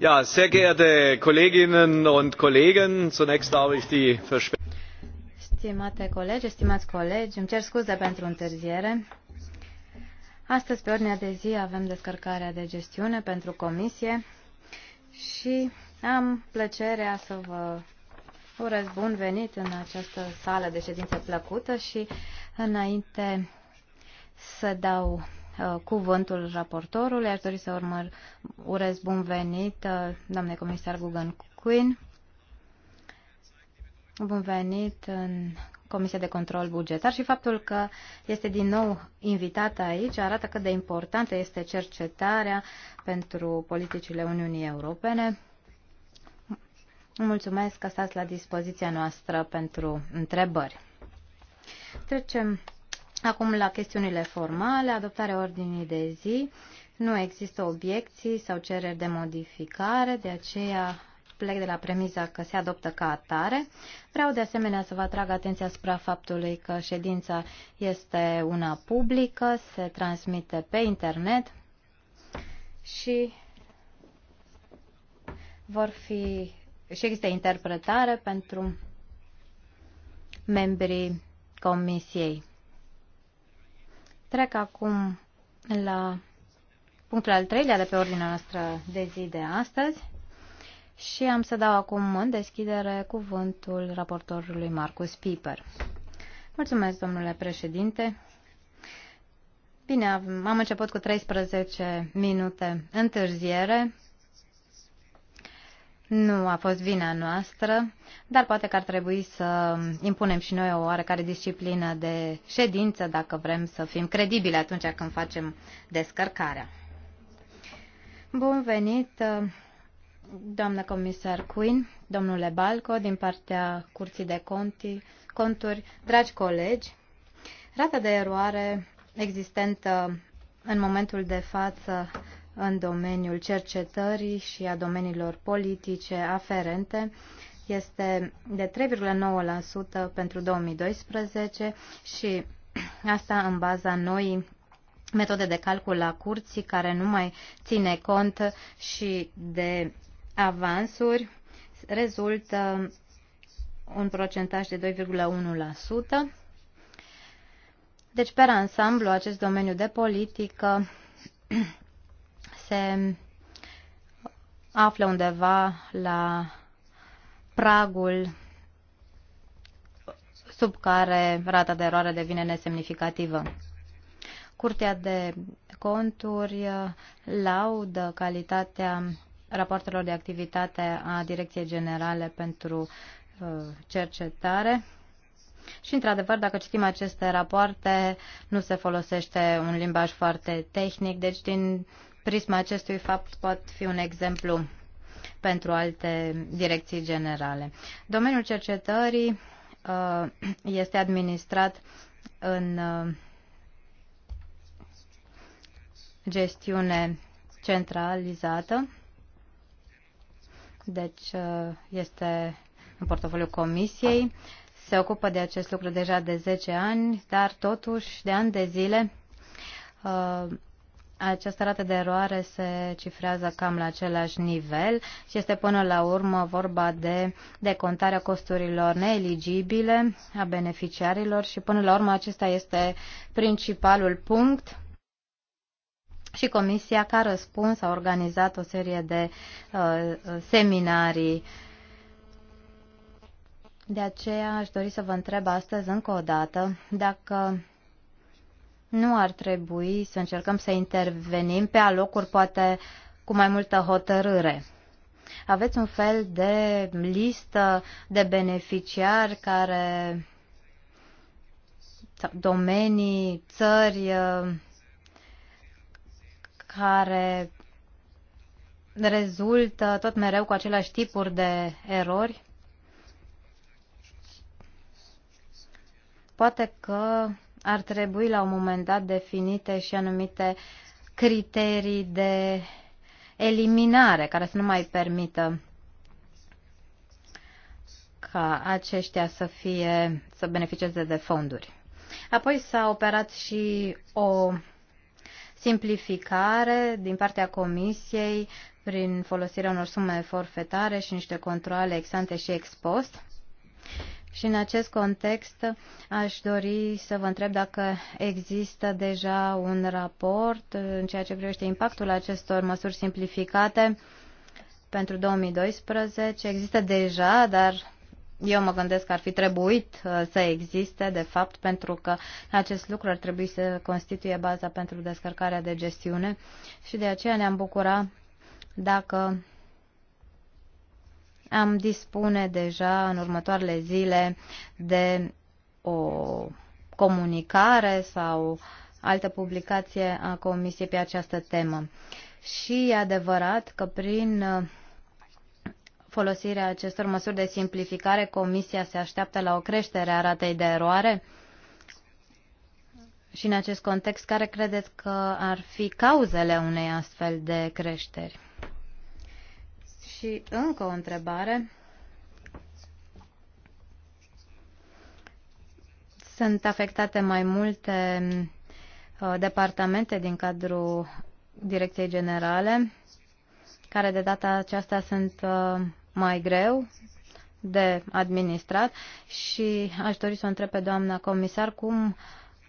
Ja, sehr geehrte Kolleginnen und Kollegen, zunächst darf ich die Stimate colegi, stimați colegi, îmi cer scuze pentru întârziere. Astăzi, pe ordinea de zi, avem descărcarea de gestiune pentru comisie și am plăcerea să vă urez bun venit în această sală de ședință plăcută și înainte să dau Uh, cuvântul raportorului. Aș dori să urmăr, urez bun venit, uh, doamne comisar Gugan Quinn. Bun venit în Comisia de Control Bugetar și faptul că este din nou invitată aici arată cât de importantă este cercetarea pentru politicile Uniunii Europene. Mulțumesc că stați la dispoziția noastră pentru întrebări. Trecem Acum la chestiunile formale, adoptarea ordinii de zi. Nu există obiecții sau cereri de modificare, de aceea plec de la premiza că se adoptă ca atare. Vreau de asemenea să vă atrag atenția asupra faptului că ședința este una publică, se transmite pe internet și vor fi și există interpretare pentru membrii comisiei. Trec acum la punctul al treilea de pe ordinea noastră de zi de astăzi și am să dau acum în deschidere cuvântul raportorului Marcus Piper. Mulțumesc, domnule președinte. Bine, am început cu 13 minute întârziere. Nu a fost vina noastră, dar poate că ar trebui să impunem și noi o oarecare disciplină de ședință dacă vrem să fim credibili atunci când facem descărcarea. Bun venit, doamnă comisar Quinn, domnule Balco, din partea Curții de Conti, Conturi, dragi colegi. Rata de eroare existentă în momentul de față în domeniul cercetării și a domeniilor politice aferente este de 3,9% pentru 2012 și asta în baza noii metode de calcul a curții care nu mai ține cont și de avansuri rezultă un procentaj de 2,1%. Deci, pe ansamblu, acest domeniu de politică se află undeva la pragul sub care rata de eroare devine nesemnificativă. Curtea de conturi laudă calitatea rapoartelor de activitate a Direcției Generale pentru uh, cercetare. Și, într-adevăr, dacă citim aceste rapoarte, nu se folosește un limbaj foarte tehnic, deci, din prisma acestui fapt pot fi un exemplu pentru alte direcții generale. Domeniul cercetării uh, este administrat în uh, gestiune centralizată, deci uh, este în portofoliul Comisiei. Se ocupă de acest lucru deja de 10 ani, dar totuși de ani de zile această rată de eroare se cifrează cam la același nivel și este până la urmă vorba de decontarea costurilor neeligibile a beneficiarilor și până la urmă acesta este principalul punct și comisia ca răspuns a organizat o serie de uh, seminarii. De aceea aș dori să vă întreb astăzi încă o dată dacă nu ar trebui să încercăm să intervenim pe alocuri, poate cu mai multă hotărâre. Aveți un fel de listă de beneficiari care domenii, țări uh, care rezultă tot mereu cu aceleași tipuri de erori? Poate că ar trebui la un moment dat definite și anumite criterii de eliminare care să nu mai permită ca aceștia să fie să beneficieze de fonduri. Apoi s-a operat și o simplificare din partea Comisiei prin folosirea unor sume forfetare și niște controle ex ante și ex post. Și în acest context aș dori să vă întreb dacă există deja un raport în ceea ce privește impactul acestor măsuri simplificate pentru 2012. Există deja, dar eu mă gândesc că ar fi trebuit uh, să existe, de fapt, pentru că acest lucru ar trebui să constituie baza pentru descărcarea de gestiune și de aceea ne-am bucura dacă am dispune deja în următoarele zile de o comunicare sau altă publicație a Comisiei pe această temă. Și e adevărat că prin uh, folosirea acestor măsuri de simplificare, Comisia se așteaptă la o creștere a ratei de eroare? Și în acest context, care credeți că ar fi cauzele unei astfel de creșteri? Și încă o întrebare. Sunt afectate mai multe uh, departamente din cadrul Direcției Generale, care de data aceasta sunt uh, mai greu de administrat și aș dori să o întreb pe doamna comisar cum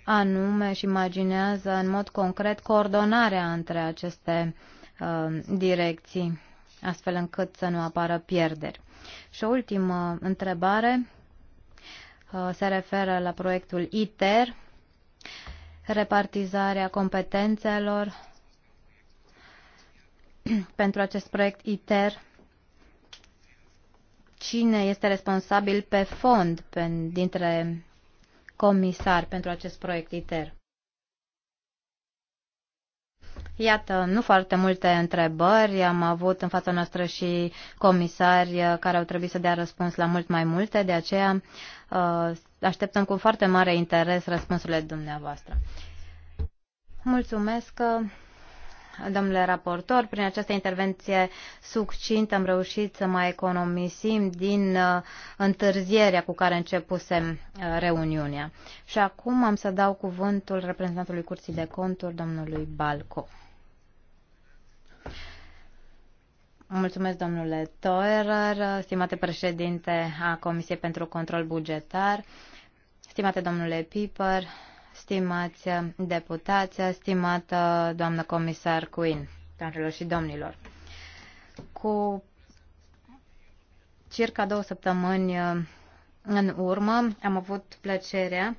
anume și imaginează în mod concret coordonarea între aceste uh, direcții astfel încât să nu apară pierderi. Și o ultimă întrebare uh, se referă la proiectul ITER, repartizarea competențelor pentru acest proiect ITER. Cine este responsabil pe fond dintre comisari pentru acest proiect ITER? Iată, nu foarte multe întrebări. Am avut în fața noastră și comisari uh, care au trebuit să dea răspuns la mult mai multe, de aceea uh, așteptăm cu foarte mare interes răspunsurile dumneavoastră. Mulțumesc, uh, domnule raportor. Prin această intervenție succintă am reușit să mai economisim din întârzierea cu care începusem reuniunea. Și acum am să dau cuvântul reprezentantului Curții de Conturi, domnului Balco. Mulțumesc, domnule Toerer, stimate președinte a Comisiei pentru Control Bugetar, stimate domnule Piper, stimați deputați, stimată doamnă comisar Quinn, doamnelor și domnilor. Cu circa două săptămâni în urmă am avut plăcerea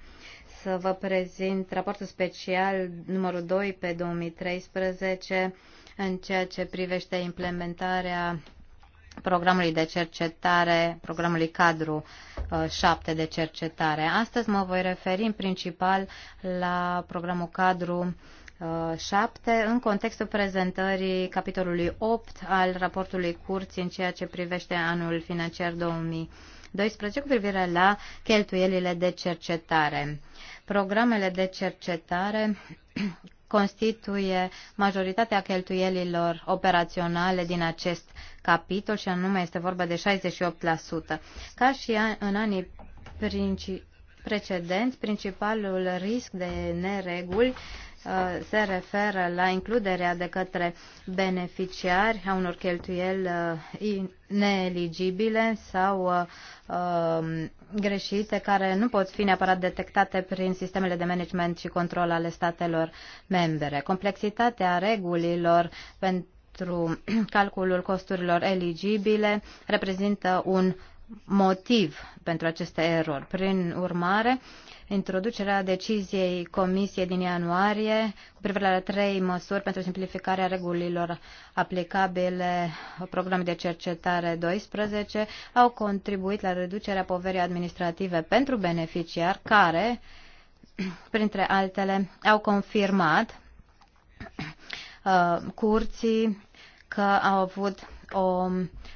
să vă prezint raportul special numărul 2 pe 2013 în ceea ce privește implementarea programului de cercetare, programului cadru 7 uh, de cercetare. Astăzi mă voi referi în principal la programul cadru 7 uh, în contextul prezentării capitolului 8 al raportului Curții în ceea ce privește anul financiar 2012 cu privire la cheltuielile de cercetare. Programele de cercetare constituie majoritatea cheltuielilor operaționale din acest capitol și anume este vorba de 68%. Ca și în anii principi precedenți, principalul risc de nereguli Uh, se referă la includerea de către beneficiari a unor cheltuieli uh, neeligibile sau uh, um, greșite care nu pot fi neapărat detectate prin sistemele de management și control ale statelor membre. Complexitatea regulilor pentru calculul costurilor eligibile reprezintă un motiv pentru aceste erori. Prin urmare, uh, introducerea deciziei Comisiei din ianuarie cu privire la trei măsuri pentru simplificarea regulilor aplicabile programului de cercetare 12 au contribuit la reducerea poverii administrative pentru beneficiar care, printre altele, au confirmat uh, curții că au avut o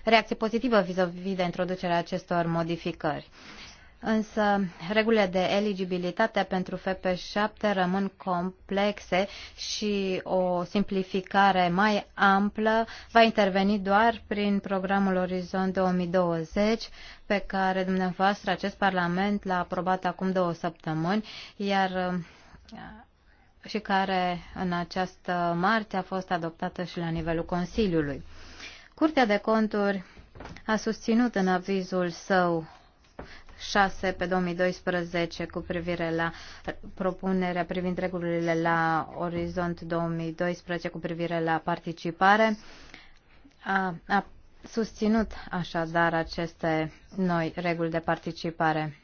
reacție pozitivă vis-a-vis -vis de introducerea acestor modificări însă regulile de eligibilitate pentru FP7 rămân complexe și o simplificare mai amplă va interveni doar prin programul Orizont 2020 pe care dumneavoastră acest Parlament l-a aprobat acum două săptămâni, iar uh, și care în această marți a fost adoptată și la nivelul Consiliului. Curtea de Conturi a susținut în avizul său 6 pe 2012 cu privire la propunerea privind regulile la Orizont 2012 cu privire la participare. A, a susținut așadar aceste noi reguli de participare.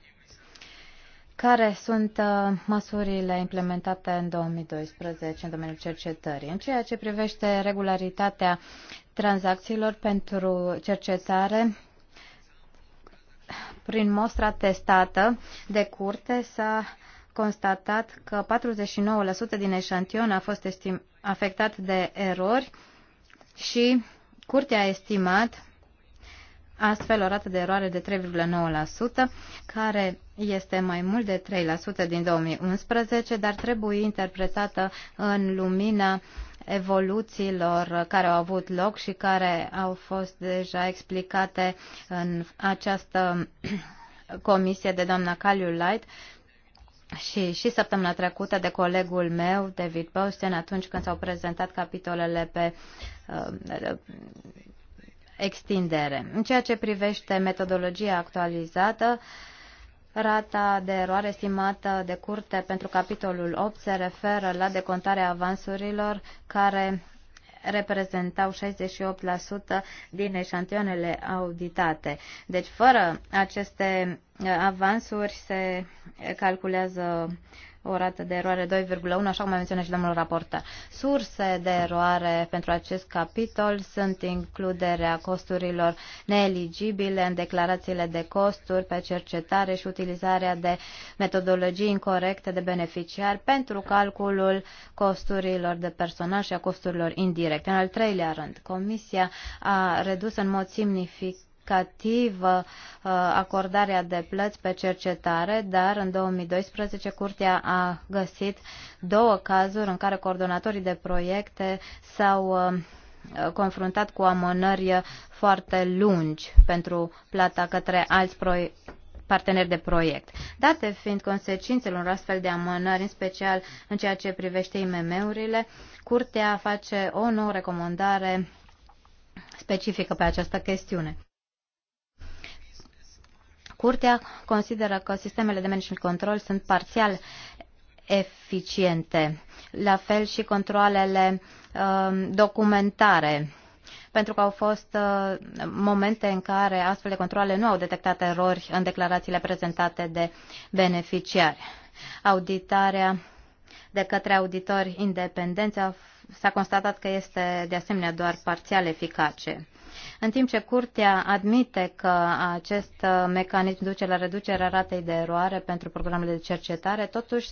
Care sunt uh, măsurile implementate în 2012 în domeniul cercetării? În ceea ce privește regularitatea tranzacțiilor pentru cercetare, prin mostra testată de curte s-a constatat că 49% din eșantion a fost afectat de erori și curtea a estimat astfel o rată de eroare de 3,9%, care este mai mult de 3% din 2011, dar trebuie interpretată în lumina uh, evoluțiilor care au avut loc și care au fost deja explicate în această comisie de doamna Caliu Light și, și săptămâna trecută de colegul meu, David Boston, atunci când s-au prezentat capitolele pe uh, extindere. În ceea ce privește metodologia actualizată, uh, Rata de eroare estimată de curte pentru capitolul 8 se referă la decontarea avansurilor care reprezentau 68% din eșantioanele auditate. Deci, fără aceste eh, avansuri se calculează o rată de eroare 2,1, așa cum a menționat și domnul raportor. Surse de eroare pentru acest capitol sunt includerea costurilor neeligibile în declarațiile de costuri pe cercetare și utilizarea de metodologii incorrecte de beneficiari pentru calculul costurilor de personal și a costurilor indirecte. În al treilea rând, Comisia a redus în mod semnificativ facultativă uh, acordarea de plăți pe cercetare, dar în 2012 Curtea a găsit două cazuri în care coordonatorii de proiecte s-au uh, confruntat cu amânări foarte lungi pentru plata către alți proiecte parteneri de proiect. Date fiind consecințele unor astfel de amânări, în special în ceea ce privește IMM-urile, Curtea face o nouă recomandare specifică pe această chestiune. Curtea consideră că sistemele de management control sunt parțial eficiente, la fel și controlele uh, documentare pentru că au fost uh, momente în care astfel de controle nu au detectat erori în declarațiile prezentate de beneficiari. Auditarea de către auditori independenți s-a constatat că este de asemenea doar parțial eficace. În timp ce curtea admite că acest mecanism duce la reducerea ratei de eroare pentru programele de cercetare, totuși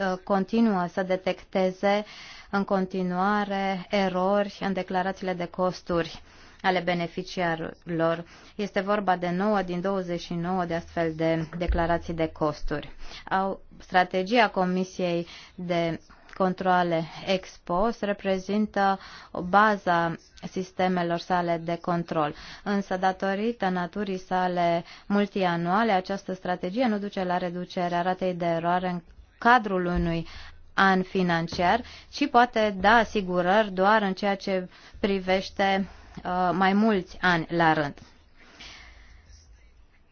uh, continuă să detecteze în continuare erori în declarațiile de costuri ale beneficiarilor. Este vorba de 9 din 29 de astfel de declarații de costuri. Au, strategia Comisiei de controle ex post reprezintă o bază sistemelor sale de control. Însă, datorită naturii sale multianuale, această strategie nu duce la reducerea ratei de eroare în cadrul unui an financiar, ci poate da asigurări doar în ceea ce privește uh, mai mulți ani la rând.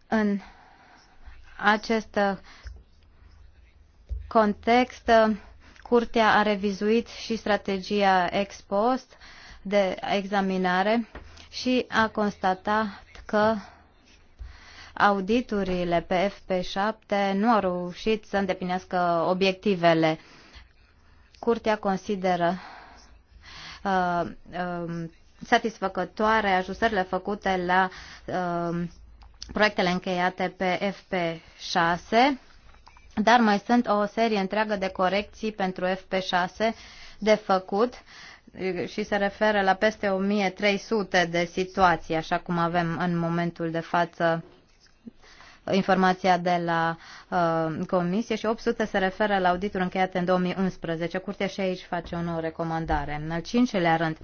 În acest context, Curtea a revizuit și strategia ex post de examinare și a constatat că auditurile pe FP7 nu au reușit să îndeplinească obiectivele. Curtea consideră uh, uh, satisfăcătoare ajustările făcute la uh, proiectele încheiate pe FP6 dar mai sunt o serie întreagă de corecții pentru FP6 de făcut și se referă la peste 1300 de situații, așa cum avem în momentul de față informația de la uh, comisie și 800 se referă la auditul încheiat în 2011. Curtea și aici face o nouă recomandare. În al cincilea rând,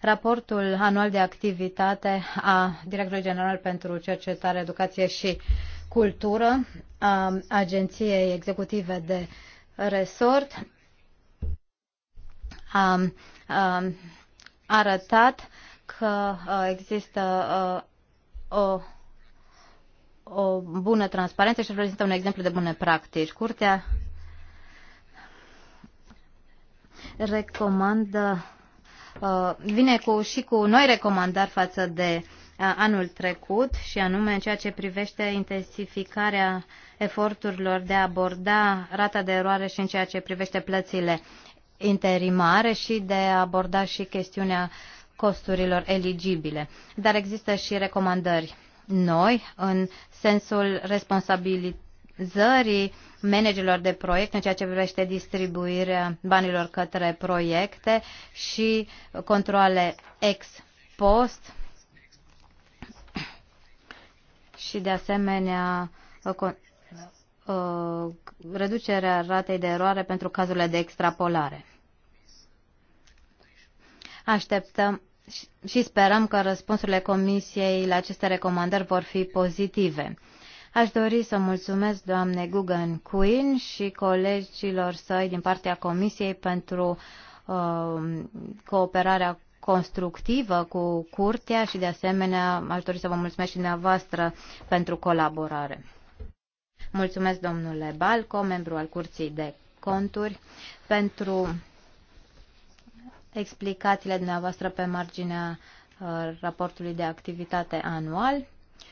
raportul anual de activitate a Directorului General pentru Cercetare, Educație și uh, cultură a Agenției Executive de Resort a, a arătat că există o o bună transparență și reprezintă un exemplu de bune practici. Curtea recomandă, vine cu, și cu noi recomandări față de anul trecut și anume în ceea ce privește intensificarea eforturilor de a aborda rata de eroare și în ceea ce privește plățile interimare și de a aborda și chestiunea costurilor eligibile. Dar există și recomandări noi în sensul responsabilizării managerilor de proiect în ceea ce privește distribuirea banilor către proiecte și controle ex post și de asemenea uh, uh, reducerea ratei de eroare pentru cazurile de extrapolare. Așteptăm și sperăm că răspunsurile Comisiei la aceste recomandări vor fi pozitive. Aș dori să mulțumesc doamne Guggen Queen și colegilor săi din partea Comisiei pentru uh, cooperarea constructivă cu curtea și de asemenea aș dori să vă mulțumesc și dumneavoastră pentru colaborare. Mulțumesc domnule Balco, membru al Curții de Conturi, pentru explicațiile dumneavoastră pe marginea uh, raportului de activitate anual.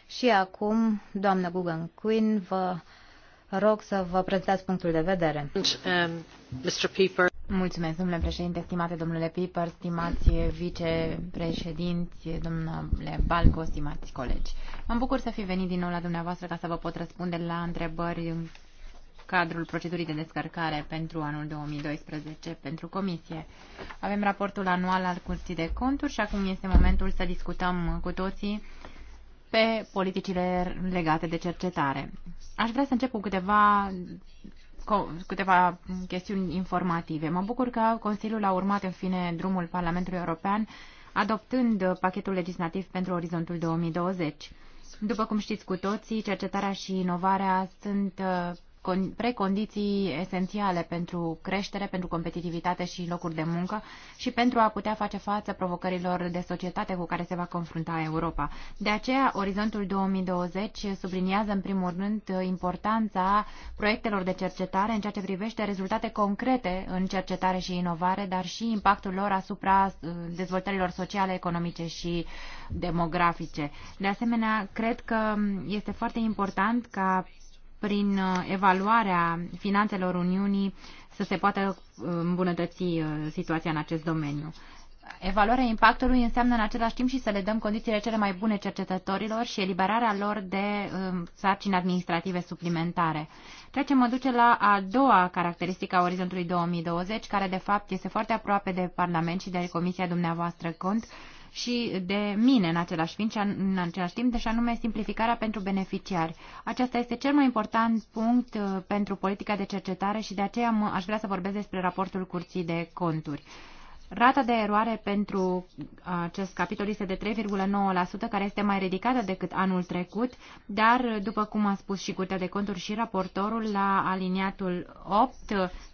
Și acum, doamnă Gugan Quinn, vă rog să vă prezentați punctul de vedere. And, um, Mr. Pieper. Mulțumesc, domnule președinte, stimate domnule Piper, stimați vicepreședinți, domnule Balco, stimați colegi. Mă bucur să fi venit din nou la dumneavoastră ca să vă pot răspunde la întrebări în cadrul procedurii de descărcare pentru anul 2012 pentru comisie. Avem raportul anual al Curții de Conturi și acum este momentul să discutăm cu toții pe politicile legate de cercetare. Aș vrea să încep cu câteva câteva chestiuni informative. Mă bucur că Consiliul a urmat în fine drumul Parlamentului European adoptând pachetul legislativ pentru orizontul 2020. După cum știți cu toții, cercetarea și inovarea sunt uh, precondiții esențiale pentru creștere, pentru competitivitate și locuri de muncă și pentru a putea face față provocărilor de societate cu care se va confrunta Europa. De aceea, Orizontul 2020 subliniază în primul rând importanța proiectelor de cercetare în ceea ce privește rezultate concrete în cercetare și inovare, dar și impactul lor asupra uh, dezvoltărilor sociale, economice și demografice. De asemenea, cred că este foarte important ca prin uh, evaluarea finanțelor Uniunii să se poată uh, îmbunătăți uh, situația în acest domeniu. Evaluarea impactului înseamnă în același timp și să le dăm condițiile cele mai bune cercetătorilor și eliberarea lor de um, sarcini administrative suplimentare. Ceea ce mă duce la a doua caracteristică a orizontului 2020, care de fapt este foarte aproape de Parlament și de Comisia dumneavoastră cont, și de mine în același, timp, în același timp, deși anume simplificarea pentru beneficiari. Acesta este cel mai important punct uh, pentru politica de cercetare și de aceea aș vrea să vorbesc despre raportul Curții de Conturi. Rata de eroare pentru uh, acest capitol este de 3,9%, care este mai ridicată decât anul trecut, dar, după cum a spus și Curtea de Conturi și raportorul la aliniatul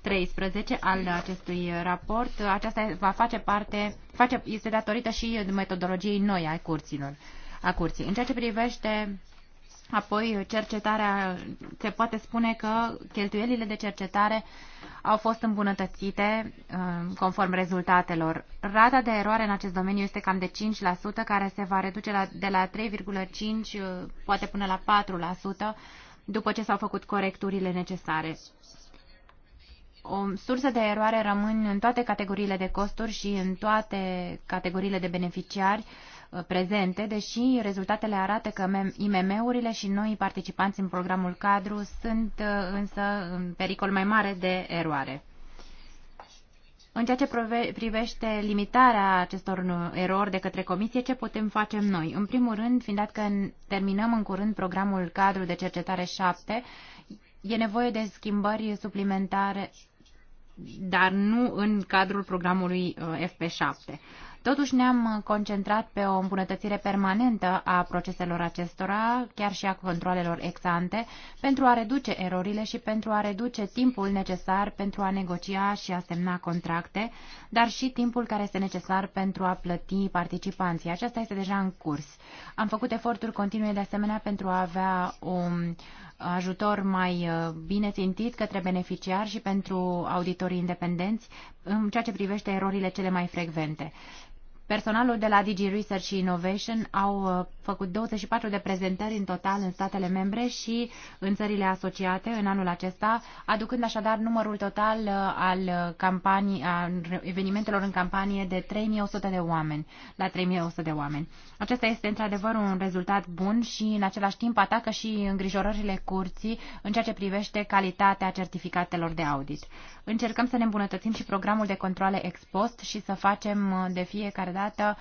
8-13 al acestui raport, aceasta va face parte, face, este datorită și metodologiei noi a curților. A curții. În ceea ce privește Apoi, cercetarea, se poate spune că cheltuielile de cercetare au fost îmbunătățite uh, conform rezultatelor. Rata de eroare în acest domeniu este cam de 5%, care se va reduce la, de la 3,5% uh, poate până la 4% după ce s-au făcut corecturile necesare. O sursă de eroare rămân în toate categoriile de costuri și în toate categoriile de beneficiari, Uh, prezente, deși rezultatele arată că IMM-urile și noi participanți în programul cadru sunt uh, însă în pericol mai mare de eroare. În ceea ce privește limitarea acestor uh, erori de către comisie, ce putem face noi? În primul rând, fiind dat că terminăm în curând programul cadru de cercetare 7, e nevoie de schimbări suplimentare, dar nu în cadrul programului FP7. Totuși ne-am concentrat pe o îmbunătățire permanentă a proceselor acestora, chiar și a controlelor ex-ante, pentru a reduce erorile și pentru a reduce timpul necesar pentru a negocia și a semna contracte, dar și timpul care este necesar pentru a plăti participanții. Aceasta este deja în curs. Am făcut eforturi continue de asemenea pentru a avea o ajutor mai uh, bine țintit către beneficiari și pentru auditorii independenți în ceea ce privește erorile cele mai frecvente. Personalul de la Digi Research și Innovation au uh, făcut 24 de prezentări în total în statele membre și în țările asociate în anul acesta, aducând așadar numărul total uh, al uh, campanii, al evenimentelor în campanie de 3100 de oameni, la 3100 de oameni. Acesta este într-adevăr un rezultat bun și în același timp atacă și îngrijorările curții în ceea ce privește calitatea certificatelor de audit. Încercăm să ne îmbunătățim și programul de controle ex post și să facem de fiecare dată dată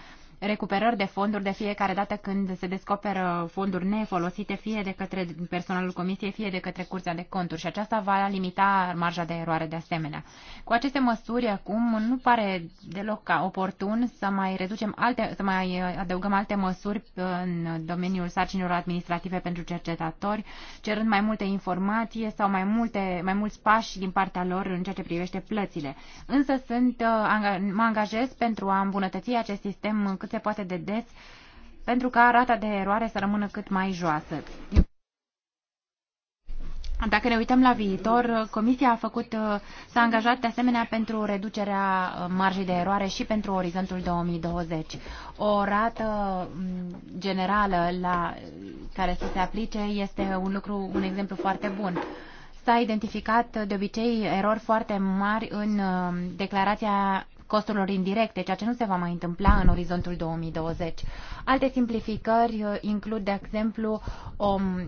recuperări de fonduri de fiecare dată când se descoperă fonduri nefolosite, fie de către personalul comisiei, fie de către Curtea de Conturi și aceasta va limita marja de eroare de asemenea. Cu aceste măsuri acum nu pare deloc ca oportun să mai reducem alte, să mai adăugăm alte măsuri în domeniul sarcinilor administrative pentru cercetători, cerând mai multe informații sau mai, multe, mai mulți pași din partea lor în ceea ce privește plățile. Însă sunt, uh, mă angajez pentru a îmbunătăți acest sistem cât cât se poate de des pentru ca rata de eroare să rămână cât mai joasă. Dacă ne uităm la viitor, Comisia a făcut, uh, s-a angajat de asemenea pentru reducerea uh, marjei de eroare și pentru orizontul 2020. O rată mm, generală la care să se aplice este un lucru, un exemplu foarte bun. S-a identificat de obicei erori foarte mari în uh, declarația costurilor indirecte, ceea ce nu se va mai întâmpla în orizontul 2020. Alte simplificări uh, includ, de exemplu, o uh,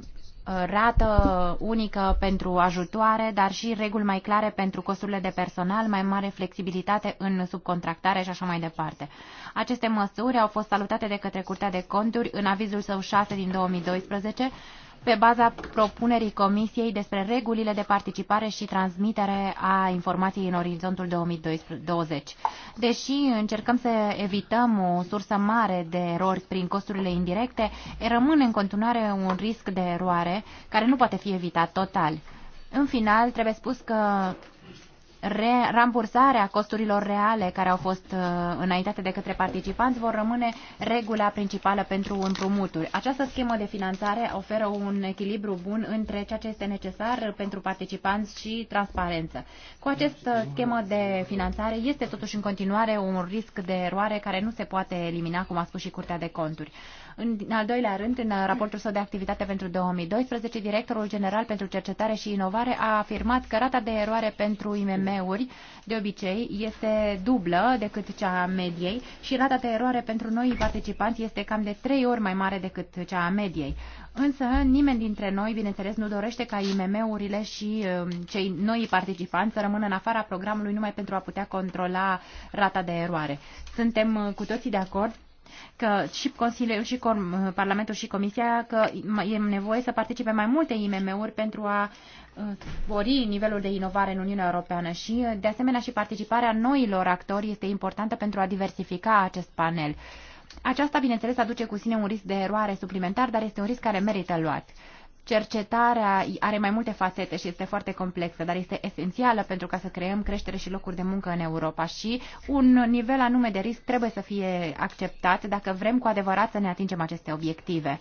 rată unică pentru ajutoare, dar și reguli mai clare pentru costurile de personal, mai mare flexibilitate în subcontractare și așa mai departe. Aceste măsuri au fost salutate de către Curtea de Conturi în avizul său 6 din 2012, pe baza propunerii Comisiei despre regulile de participare și transmitere a informației în orizontul 2020. Deși încercăm să evităm o sursă mare de erori prin costurile indirecte, rămâne în continuare un risc de eroare care nu poate fi evitat total. În final, trebuie spus că re- rambursarea costurilor reale care au fost uh, înaintate de către participanți vor rămâne regula principală pentru împrumuturi. Această schemă de finanțare oferă un echilibru bun între ceea ce este necesar pentru participanți și transparență. Cu această schemă de finanțare este totuși în continuare un risc de eroare care nu se poate elimina, cum a spus și Curtea de Conturi. În, în al doilea rând, în raportul său de activitate pentru 2012, directorul general pentru cercetare și inovare a afirmat că rata de eroare pentru IMM-uri, de obicei, este dublă decât cea a mediei și rata de eroare pentru noi participanți este cam de trei ori mai mare decât cea a mediei. Însă nimeni dintre noi, bineînțeles, nu dorește ca IMM-urile și um, cei noi participanți să rămână în afara programului numai pentru a putea controla rata de eroare. Suntem uh, cu toții de acord că și Consiliul și Parlamentul și Comisia că e nevoie să participe mai multe IMM-uri pentru a uh, spori nivelul de inovare în Uniunea Europeană și, uh, de asemenea, și participarea noilor actori este importantă pentru a diversifica acest panel. Aceasta, bineînțeles, aduce cu sine un risc de eroare suplimentar, dar este un risc care merită luat cercetarea are mai multe fațete și este foarte complexă, dar este esențială pentru ca să creăm creștere și locuri de muncă în Europa și un nivel anume de risc trebuie să fie acceptat dacă vrem cu adevărat să ne atingem aceste obiective.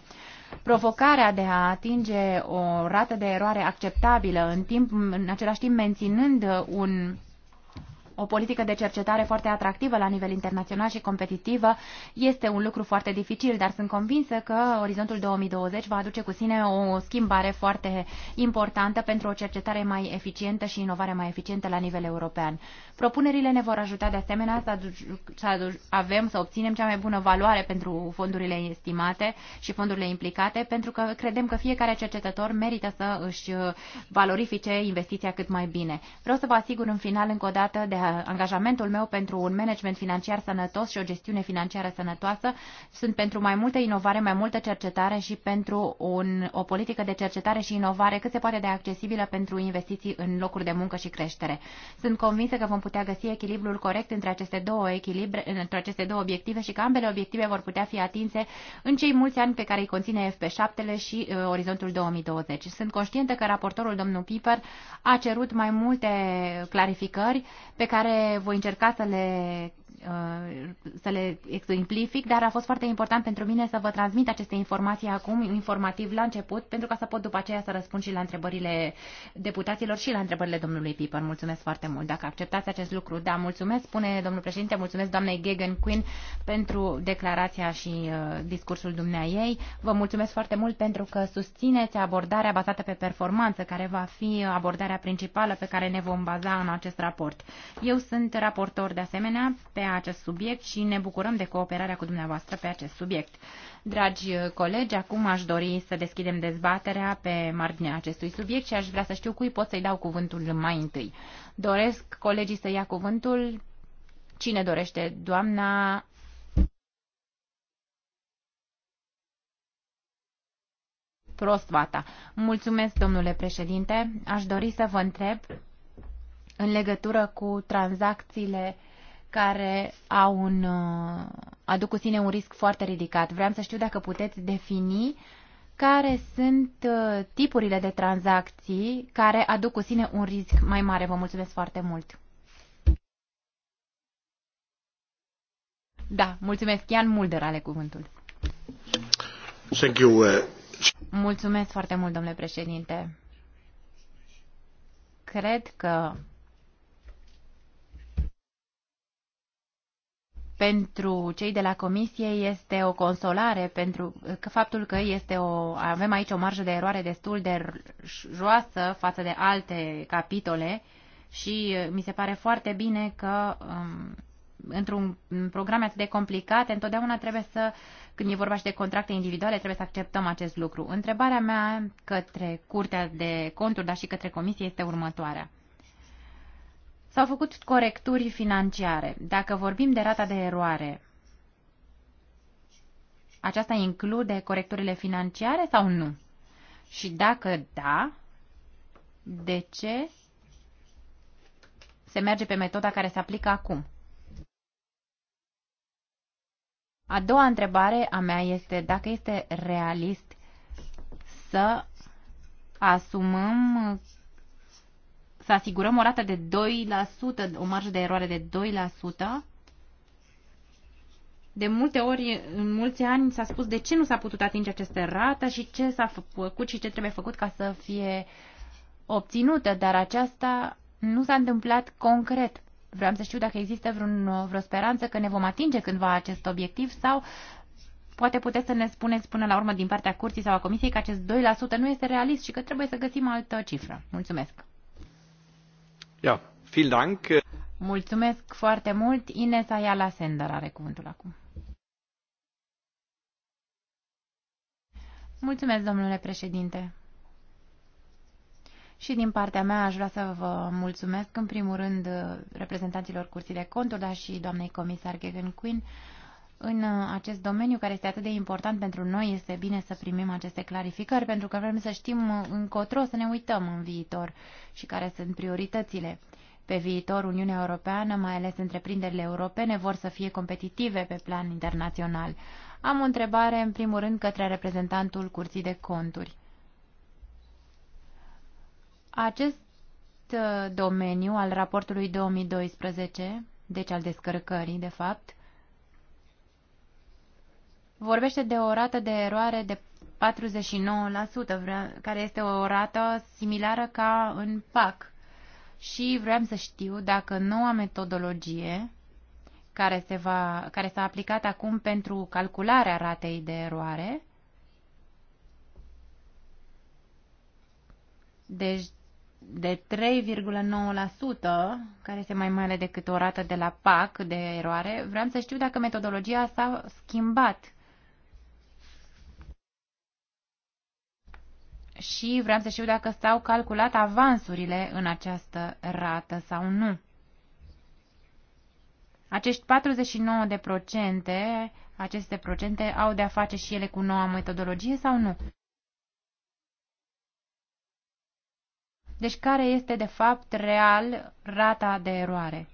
Provocarea de a atinge o rată de eroare acceptabilă în timp, în același timp menținând un o politică de cercetare foarte atractivă la nivel internațional și competitivă este un lucru foarte dificil, dar sunt convinsă că Orizontul 2020 va aduce cu sine o schimbare foarte importantă pentru o cercetare mai eficientă și inovare mai eficientă la nivel european. Propunerile ne vor ajuta de asemenea să, să avem, să obținem cea mai bună valoare pentru fondurile estimate și fondurile implicate, pentru că credem că fiecare cercetător merită să își valorifice investiția cât mai bine. Vreau să vă asigur în final încă o dată de a Uh, angajamentul meu pentru un management financiar sănătos și o gestiune financiară sănătoasă. Sunt pentru mai multă inovare, mai multă cercetare și pentru un, o politică de cercetare și inovare cât se poate de accesibilă pentru investiții în locuri de muncă și creștere. Sunt convinsă că vom putea găsi echilibrul corect între aceste două echilibre, între aceste două obiective și că ambele obiective vor putea fi atinse în cei mulți ani pe care îi conține fp 7 și uh, Orizontul 2020. Sunt conștientă că raportorul domnul Piper a cerut mai multe clarificări pe care voi încerca să le Uh, să le exemplific, dar a fost foarte important pentru mine să vă transmit aceste informații acum, informativ la început, pentru ca să pot după aceea să răspund și la întrebările deputaților și la întrebările domnului Piper. Mulțumesc foarte mult. Dacă acceptați acest lucru, da, mulțumesc, spune domnul președinte, mulțumesc doamnei Gegen Quinn pentru declarația și uh, discursul dumneaei. Vă mulțumesc foarte mult pentru că susțineți abordarea bazată pe performanță, care va fi abordarea principală pe care ne vom baza în acest raport. Eu sunt raportor de asemenea pe pe acest subiect și ne bucurăm de cooperarea cu dumneavoastră pe acest subiect. Dragi colegi, acum aș dori să deschidem dezbaterea pe marginea acestui subiect și aș vrea să știu cui pot să-i dau cuvântul mai întâi. Doresc colegii să ia cuvântul. Cine dorește? Doamna Prostvata. Mulțumesc, domnule președinte. Aș dori să vă întreb în legătură cu tranzacțiile care au un, uh, aduc cu sine un risc foarte ridicat. Vreau să știu dacă puteți defini care sunt uh, tipurile de tranzacții care aduc cu sine un risc mai mare. Vă mulțumesc foarte mult! Da, mulțumesc. Ian Mulder ale cuvântul. Thank you. Uh, mulțumesc foarte mult, domnule președinte. Cred că pentru cei de la comisie este o consolare pentru că faptul că este o, avem aici o marjă de eroare destul de joasă față de alte capitole și uh, mi se pare foarte bine că um, într-un program atât de complicat, întotdeauna trebuie să, când e vorba și de contracte individuale, trebuie să acceptăm acest lucru. Întrebarea mea către Curtea de Conturi, dar și către Comisie, este următoarea. S-au făcut corecturi financiare. Dacă vorbim de rata de eroare, aceasta include corecturile financiare sau nu? Și dacă da, de ce se merge pe metoda care se aplică acum? A doua întrebare a mea este dacă este realist să asumăm să asigurăm o rată de 2%, o marjă de eroare de 2%. De multe ori, în mulți ani, s-a spus de ce nu s-a putut atinge această rată și ce s-a făcut și ce trebuie făcut ca să fie obținută, dar aceasta nu s-a întâmplat concret. Vreau să știu dacă există vreun, vreo speranță că ne vom atinge cândva acest obiectiv sau poate puteți să ne spuneți până la urmă din partea curții sau a comisiei că acest 2% nu este realist și că trebuie să găsim altă cifră. Mulțumesc! Mulțumesc foarte mult. Ines Ayala Sender are cuvântul acum. Mulțumesc, domnule președinte. Și din partea mea aș vrea să vă mulțumesc, în primul rând, reprezentanților Curții de Conturi, dar și doamnei comisar Gegen Quinn, în uh, acest domeniu care este atât de important pentru noi, este bine să primim aceste clarificări, pentru că vrem să știm uh, încotro să ne uităm în viitor și care sunt prioritățile. Pe viitor, Uniunea Europeană, mai ales întreprinderile europene, vor să fie competitive pe plan internațional. Am o întrebare, în primul rând, către reprezentantul Curții de Conturi. Acest uh, domeniu al raportului 2012, deci al descărcării, de fapt, vorbește de o rată de eroare de 49%, care este o rată similară ca în PAC. Și vreau să știu dacă noua metodologie care, se va, care s-a aplicat acum pentru calcularea ratei de eroare, deci de 3,9%, care este mai mare decât o rată de la PAC de eroare, vreau să știu dacă metodologia s-a schimbat și vreau să știu dacă s-au calculat avansurile în această rată sau nu. Acești 49 de procente, aceste procente au de-a face și ele cu noua metodologie sau nu? Deci care este de fapt real rata de eroare?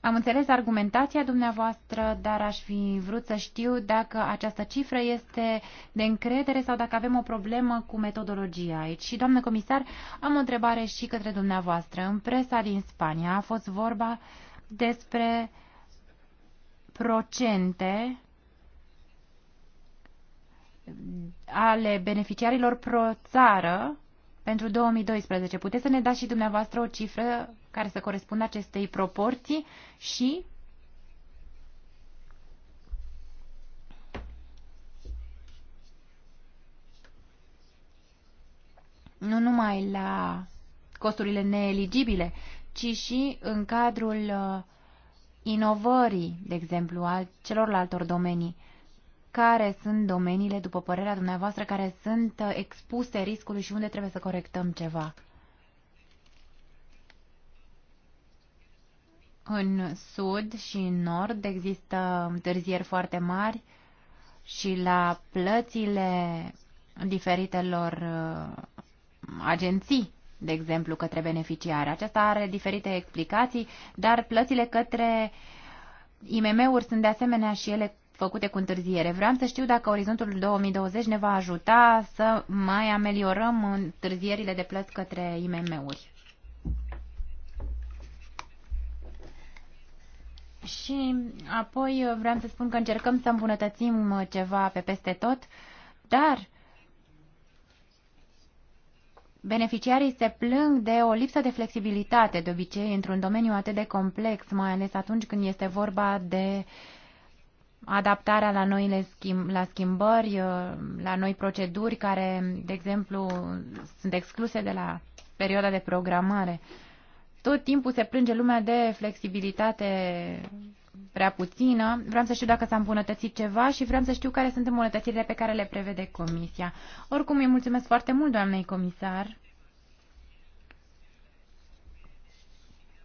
Am înțeles argumentația dumneavoastră, dar aș fi vrut să știu dacă această cifră este de încredere sau dacă avem o problemă cu metodologia aici. Și, doamnă comisar, am o întrebare și către dumneavoastră. În presa din Spania a fost vorba despre procente ale beneficiarilor pro țară pentru 2012. Puteți să ne dați și dumneavoastră o cifră care să corespundă acestei proporții și nu numai la costurile neeligibile, ci și în cadrul uh, inovării, de exemplu, al celorlaltor domenii care sunt domeniile, după părerea dumneavoastră, care sunt uh, expuse riscului și unde trebuie să corectăm ceva? În sud și în nord există întârzieri foarte mari și la plățile diferitelor uh, agenții de exemplu, către beneficiare. Aceasta are diferite explicații, dar plățile către IMM-uri sunt de asemenea și ele făcute cu întârziere. Vreau să știu dacă orizontul 2020 ne va ajuta să mai ameliorăm întârzierile de plăți către IMM-uri. Și apoi vreau să spun că încercăm să îmbunătățim ceva pe peste tot, dar Beneficiarii se plâng de o lipsă de flexibilitate, de obicei, într-un domeniu atât de complex, mai ales atunci când este vorba de uh, adaptarea la noile schimb, la schimbări, uh, la noi proceduri care, de exemplu, sunt excluse de la perioada de programare. Tot timpul se plânge lumea de flexibilitate prea puțină. Vreau să știu dacă s-a îmbunătățit ceva și vreau să știu care sunt îmbunătățirile pe care le prevede Comisia. Oricum, îi mulțumesc foarte mult, doamnei comisar.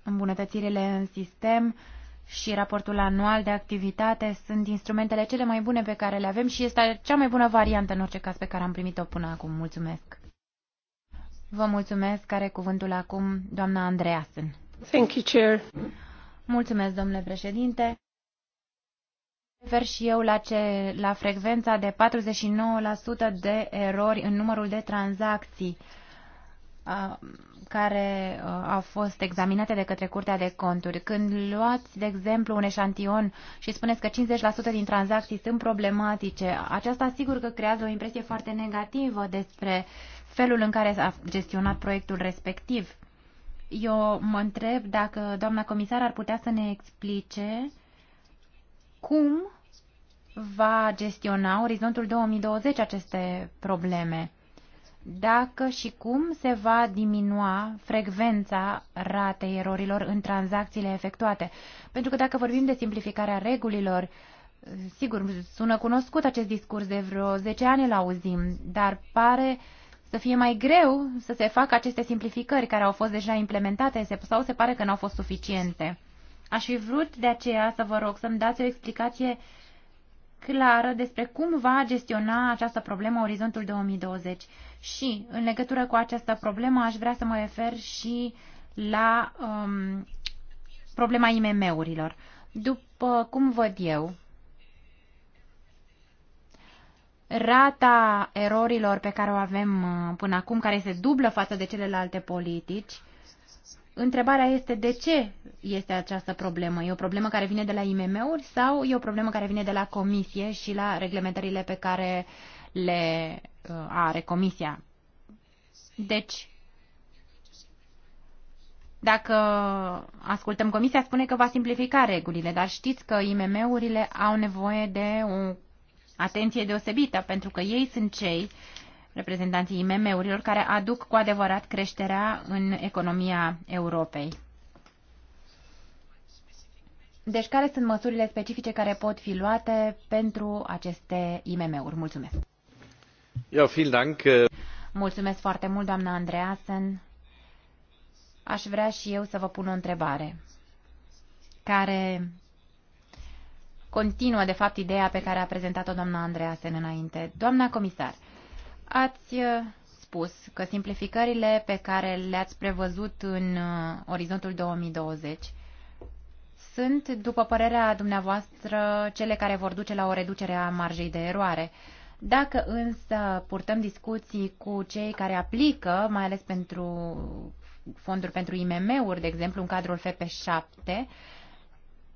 Îmbunătățirile în sistem și raportul anual de activitate sunt instrumentele cele mai bune pe care le avem și este cea mai bună variantă în orice caz pe care am primit-o până acum. Mulțumesc! Vă mulțumesc. Care cuvântul acum doamna Andreasen. Thank you, Chair. Mulțumesc, domnule președinte. Refer și eu la, ce, la frecvența de 49% de erori în numărul de tranzacții. Uh, Uh, care uh, au fost examinate de către Curtea de Conturi. Când luați, de exemplu, un eșantion și spuneți că 50% din tranzacții sunt problematice, aceasta sigur că creează o impresie foarte negativă despre felul în care s-a gestionat proiectul respectiv. Eu mă întreb dacă doamna comisar ar putea să ne explice cum va gestiona orizontul 2020 aceste probleme dacă și cum se va diminua frecvența ratei erorilor în tranzacțiile efectuate. Pentru că dacă vorbim de simplificarea regulilor, sigur, sună cunoscut acest discurs de vreo 10 ani îl auzim, dar pare să fie mai greu să se facă aceste simplificări care au fost deja implementate sau se pare că nu au fost suficiente. Aș fi vrut de aceea să vă rog să-mi dați o explicație clară despre cum va gestiona această problemă Orizontul 2020. Și, în legătură cu această problemă, aș vrea să mă refer și la um, problema IMM-urilor. După cum văd eu, rata erorilor pe care o avem uh, până acum, care se dublă față de celelalte politici, Întrebarea este de ce este această problemă? E o problemă care vine de la IMM-uri sau e o problemă care vine de la comisie și la reglementările pe care le uh, are comisia? Deci, dacă ascultăm comisia, spune că va simplifica regulile, dar știți că IMM-urile au nevoie de o atenție deosebită, pentru că ei sunt cei reprezentanții IMM-urilor care aduc cu adevărat creșterea în economia Europei. Deci care sunt măsurile specifice care pot fi luate pentru aceste IMM-uri? Mulțumesc! Eu, vielen Dank. Äh, Mulțumesc foarte mult, doamna Andreasen. Aș vrea și eu să vă pun o întrebare care continuă, de fapt, ideea pe care a prezentat-o doamna Andreasen înainte. Doamna comisar, Ați uh, spus că simplificările pe care le-ați prevăzut în uh, orizontul 2020 sunt, după părerea dumneavoastră, cele care vor duce la o reducere a marjei de eroare. Dacă însă purtăm discuții cu cei care aplică, mai ales pentru fonduri pentru IMM-uri, de exemplu, în cadrul FP7,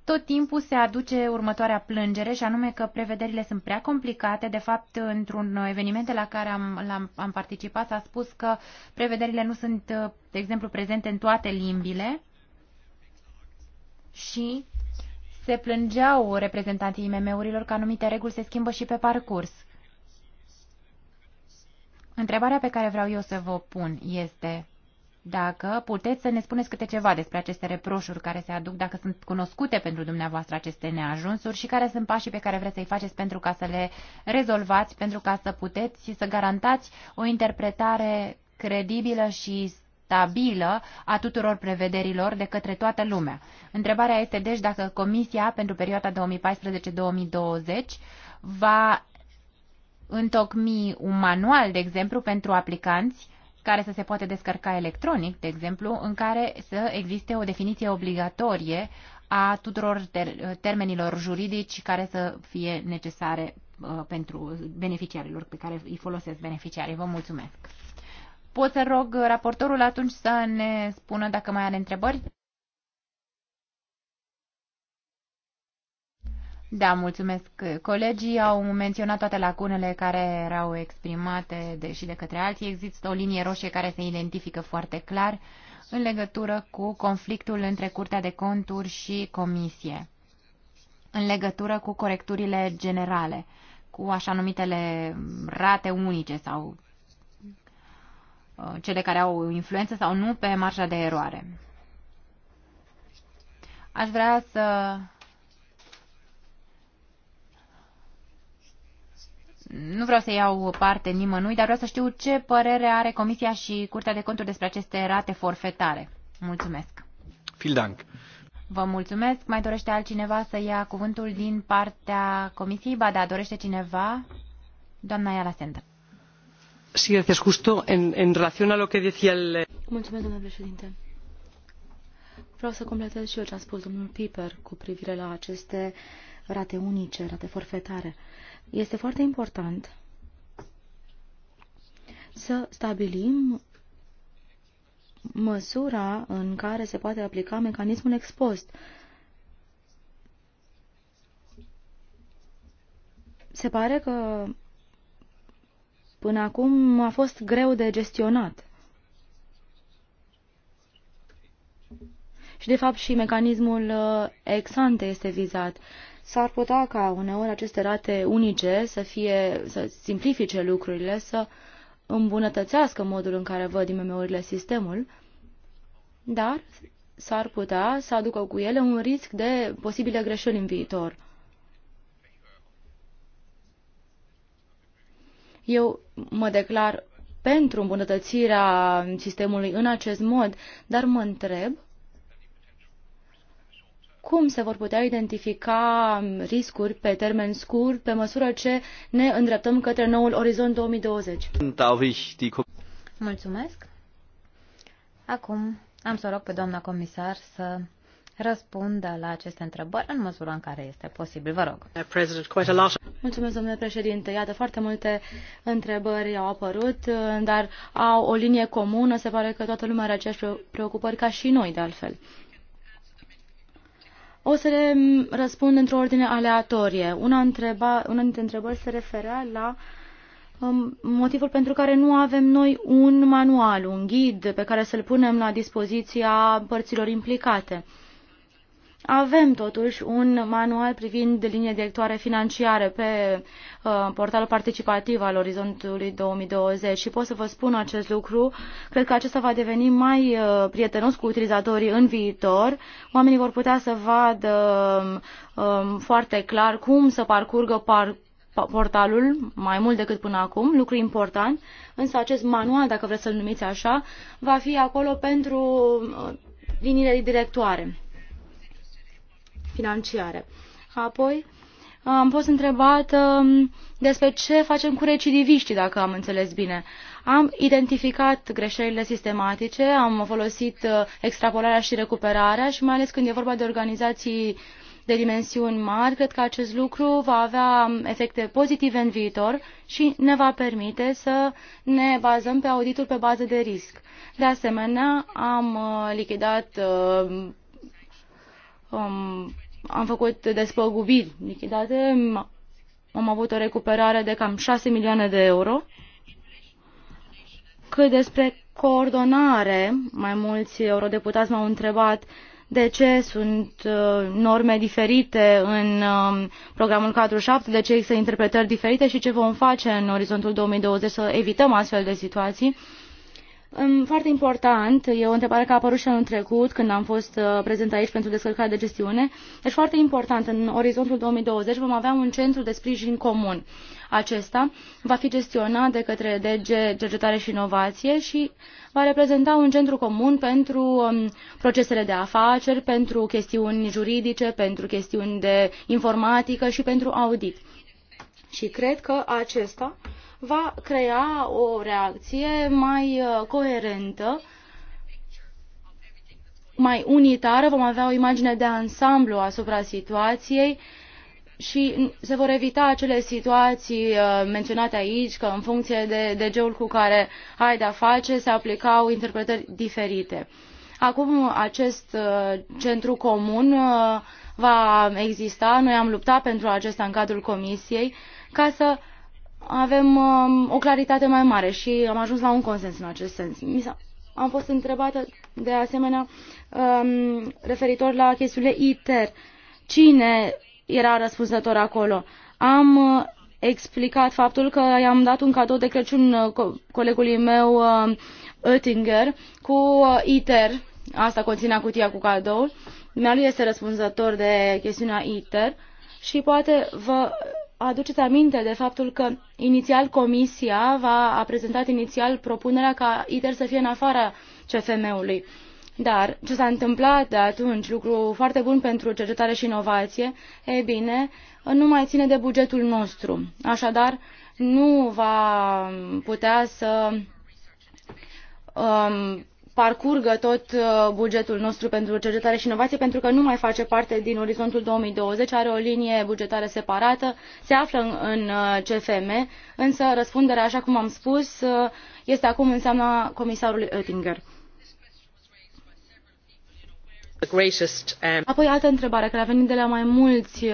tot timpul se aduce următoarea plângere și anume că prevederile sunt prea complicate. De fapt, într-un eveniment la care am, am, am participat s-a spus că prevederile nu sunt, de exemplu, prezente în toate limbile și se plângeau reprezentanții IMM-urilor că anumite reguli se schimbă și pe parcurs. Întrebarea pe care vreau eu să vă pun este dacă puteți să ne spuneți câte ceva despre aceste reproșuri care se aduc, dacă sunt cunoscute pentru dumneavoastră aceste neajunsuri și care sunt pașii pe care vreți să-i faceți pentru ca să le rezolvați, pentru ca să puteți și să garantați o interpretare credibilă și stabilă a tuturor prevederilor de către toată lumea. Întrebarea este deci dacă Comisia pentru perioada 2014-2020 va întocmi un manual, de exemplu, pentru aplicanți care să se poate descărca electronic, de exemplu, în care să existe o definiție obligatorie a tuturor ter- termenilor juridici care să fie necesare uh, pentru beneficiarilor pe care îi folosesc beneficiarii. Vă mulțumesc! Pot să rog raportorul atunci să ne spună dacă mai are întrebări? Da, mulțumesc. Colegii au menționat toate lacunele care erau exprimate de, și de către alții. Există o linie roșie care se identifică foarte clar în legătură cu conflictul între Curtea de Conturi și Comisie, în legătură cu corecturile generale, cu așa numitele rate unice sau uh, cele care au influență sau nu pe marja de eroare. Aș vrea să nu vreau să iau parte nimănui, dar vreau să știu ce părere are Comisia și Curtea de Conturi despre aceste rate forfetare. Mulțumesc. Fildank. Vă mulțumesc. Mai dorește altcineva să ia cuvântul din partea Comisiei? Ba da, dorește cineva? Doamna Iala Sender. Sí, gracias. Justo en, en relación a lo que decía el... Mulțumesc, domnule președinte Vreau să completez și eu ce a spus domnul Piper cu privire la aceste rate unice, rate forfetare. Este foarte important să stabilim măsura în care se poate aplica mecanismul expost. Se pare că până acum a fost greu de gestionat și de fapt și mecanismul uh, ex-ante este vizat. S-ar putea ca uneori aceste rate unice să fie, să simplifice lucrurile, să îmbunătățească modul în care văd IMM-urile sistemul, dar s-ar putea să aducă cu ele un risc de posibile greșeli în viitor. Eu mă declar pentru îmbunătățirea sistemului în acest mod, dar mă întreb cum se vor putea identifica riscuri pe termen scurt pe măsură ce ne îndreptăm către noul orizont 2020. Mulțumesc. Acum am să rog pe doamna comisar să răspundă la aceste întrebări în măsura în care este posibil. Vă rog. Mulțumesc, domnule președinte. Iată, foarte multe întrebări au apărut, dar au o linie comună. Se pare că toată lumea are aceeași preocupări ca și noi, de altfel. O să le mm, răspund într-o ordine aleatorie. Una, întreba, una dintre întrebări se referea la um, motivul pentru care nu avem noi un manual, un ghid pe care să-l punem la dispoziția părților implicate. Uh, avem totuși un manual privind linie directoare financiare pe uh, portalul participativ al Orizontului 2020 și pot să vă spun acest lucru. Cred că acesta va deveni mai uh, prietenos cu utilizatorii în viitor. Oamenii vor putea să vadă um, foarte clar cum să parcurgă par portalul mai mult decât până acum, lucru important, însă acest manual, dacă vreți să-l numiți așa, va fi acolo pentru uh, liniile directoare financiare. Apoi am fost întrebată um, despre ce facem cu recidiviștii, dacă am înțeles bine. Am identificat greșelile sistematice, am folosit uh, extrapolarea și recuperarea și mai ales când e vorba de organizații de dimensiuni mari, cred că acest lucru va avea um, efecte pozitive în viitor și ne va permite să ne bazăm pe auditul pe bază de risc. De asemenea, am uh, lichidat uh, um, am făcut despăgubiri lichidate, am avut o recuperare de cam 6 milioane de euro. Cât despre coordonare, mai mulți eurodeputați m-au întrebat de ce sunt uh, norme diferite în um, programul 47, de ce există interpretări diferite și ce vom face în orizontul 2020 să evităm astfel de situații. Uh, foarte important, e o întrebare care a apărut și anul trecut când am fost uh, prezent aici pentru descărcarea de gestiune. Deci foarte important, în orizontul 2020 vom avea un centru de sprijin comun. Acesta va fi gestionat de către DG Cercetare și Inovație și va reprezenta un centru comun pentru um, procesele de afaceri, pentru chestiuni juridice, pentru chestiuni de informatică și pentru audit. Și cred că acesta va crea o reacție mai uh, coerentă, mai unitară, vom avea o imagine de ansamblu asupra situației și se vor evita acele situații uh, menționate aici, că în funcție de DG-ul cu care ai de-a face se aplicau interpretări diferite. Acum acest uh, centru comun va exista, noi am luptat pentru acesta în cadrul Comisiei, ca să avem um, o claritate mai mare și am ajuns la un consens în acest sens. Am fost întrebată de asemenea um, referitor la chestiile ITER. Cine era răspunzător acolo? Am uh, explicat faptul că i-am dat un cadou de Crăciun uh, co colegului meu uh, Oettinger cu uh, ITER. Asta conținea cutia cu cadoul. Dumnealui este răspunzător de chestiunea ITER și poate vă aduceți aminte de faptul că inițial Comisia va, a prezentat inițial propunerea ca ITER să fie în afara CFM-ului. Dar ce s-a întâmplat de atunci, lucru foarte bun pentru cercetare și inovație, e bine, nu mai ține de bugetul nostru. Așadar, nu va putea să um, parcurgă tot uh, bugetul nostru pentru cercetare și inovație, pentru că nu mai face parte din orizontul 2020, are o linie bugetară separată, se află în, uh, CFM, însă răspunderea, așa cum am spus, uh, este acum în seama comisarului Oettinger. Um, Apoi altă întrebare care a venit de la mai mulți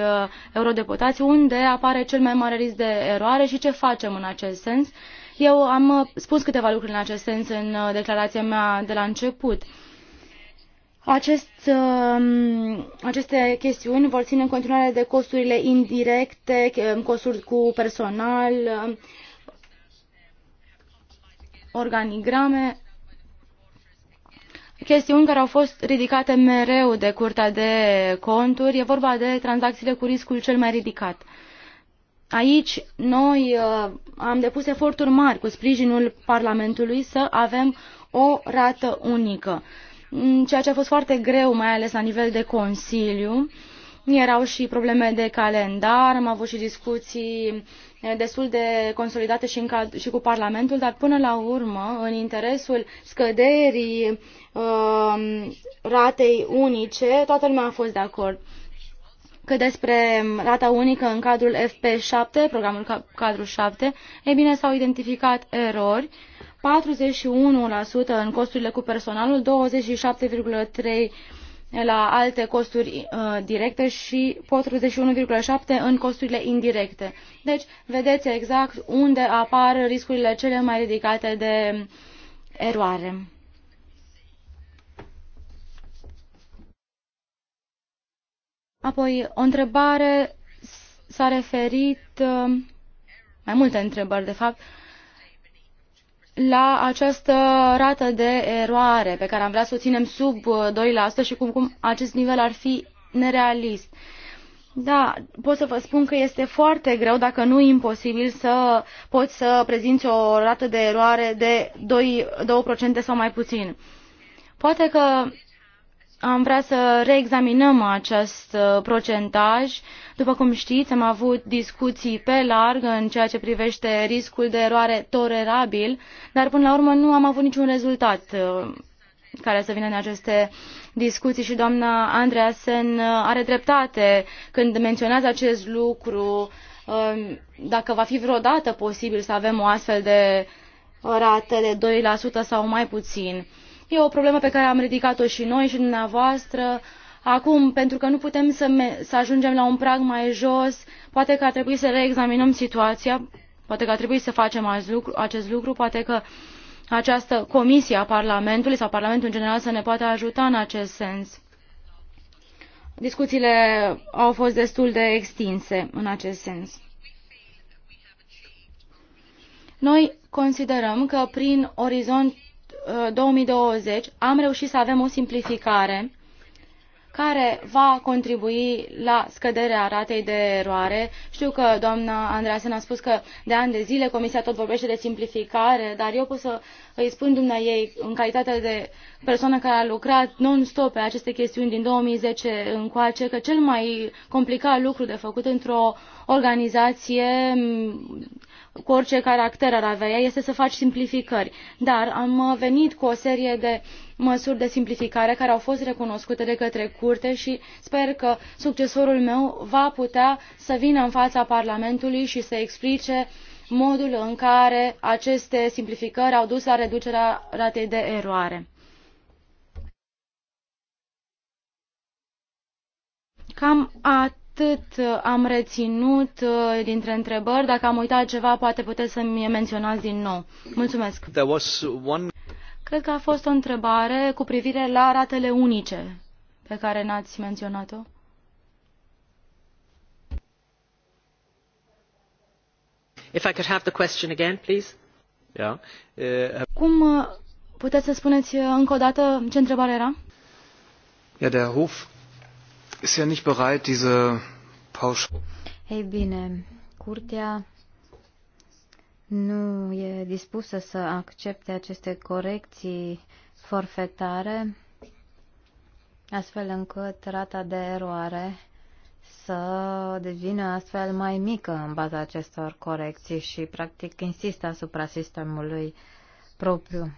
eurodeputați, unde apare cel mai mare risc de eroare și ce facem în acest sens? Eu am uh, spus câteva lucruri în acest sens în uh, declarația mea de la început. Acest, um, aceste chestiuni vor ține în continuare de costurile indirecte, um, costuri cu personal, um, organigrame, chestiuni care au fost ridicate mereu de Curtea de Conturi. E vorba de tranzacțiile cu riscul cel mai ridicat. Uh, Aici noi uh, am depus eforturi mari cu sprijinul Parlamentului să avem o rată unică, mm, ceea ce a fost foarte greu, mai ales la nivel de Consiliu. Erau și probleme de calendar, am avut și discuții eh, destul de consolidate și, în cad- și cu Parlamentul, dar până la urmă, în interesul scăderii uh, ratei unice, toată lumea a fost de acord. Că despre rata unică în cadrul FP7, programul cadru 7, e bine, s-au identificat erori, 41% în costurile cu personalul, 27,3% la alte costuri uh, directe și 41,7 în costurile indirecte. Deci, vedeți exact unde apar riscurile cele mai ridicate de eroare. Apoi, o întrebare s-a referit, uh, mai multe întrebări de fapt, la această rată de eroare pe care am vrea să o ținem sub 2% uh, și cum, cum acest nivel ar fi nerealist. Da, pot să vă spun că este foarte greu, dacă nu imposibil, să poți să prezinți o rată de eroare de 2%, 2 sau mai puțin. Poate că am vrea să reexaminăm acest uh, procentaj. După cum știți, am avut discuții pe larg în ceea ce privește riscul de eroare tolerabil, dar până la urmă nu am avut niciun rezultat uh, care să vină în aceste discuții și doamna Andreasen uh, are dreptate când menționează acest lucru, dacă va fi vreodată posibil să avem o astfel de rată de 2% sau mai puțin. E o problemă pe care am ridicat-o și noi și dumneavoastră. Acum, pentru că nu putem să, să ajungem la un prag mai jos, poate că ar trebui să reexaminăm situația, poate că ar trebui să facem acest lucru, acest lucru poate că această comisie a Parlamentului sau Parlamentul în general să ne poată ajuta în acest sens. Discuțiile au fost destul de extinse în acest sens. Noi considerăm că prin Orizont 2020 uh, am reușit să avem o simplificare care va contribui la scăderea ratei de eroare. Știu că doamna Andreasen a spus că de ani de zile Comisia tot vorbește de simplificare, dar eu pot să îi spun dumneai ei în calitate de persoană care a lucrat non-stop pe aceste chestiuni din 2010 încoace, că cel mai complicat lucru de făcut într-o organizație cu orice caracter ar avea ea, este să faci simplificări. Dar am uh, venit cu o serie de măsuri de simplificare care au fost recunoscute de către curte și sper că succesorul meu va putea să vină în fața Parlamentului și să explice modul în care aceste simplificări au dus la reducerea ratei de eroare. Cam atât atât uh, am reținut uh, dintre întrebări. Dacă am uitat ceva, poate puteți să-mi menționați din nou. Mulțumesc. There was one... Cred că a fost o întrebare cu privire la ratele unice pe care n-ați menționat-o. If I could have the question again, please. Yeah. Uh, Cum uh, puteți să spuneți încă o dată ce întrebare era? yeah, der Hof ist ja nicht bereit, diese Ei bine, curtea nu e dispusă să accepte aceste corecții forfetare, astfel încât rata de eroare să devină astfel mai mică în baza acestor corecții și, practic, insistă asupra sistemului propriu.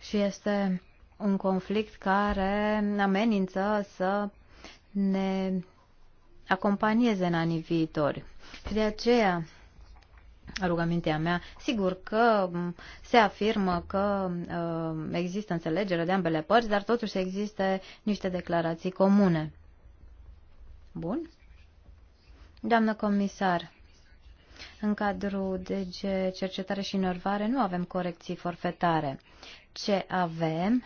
Și este un conflict care amenință să ne acompanieze în anii viitori. Și de aceea, rugămintea mea, sigur că se afirmă că uh, există înțelegere de ambele părți, dar totuși există niște declarații comune. Bun? Doamnă comisar, în cadrul DG Cercetare și Inovare nu avem corecții forfetare. Ce avem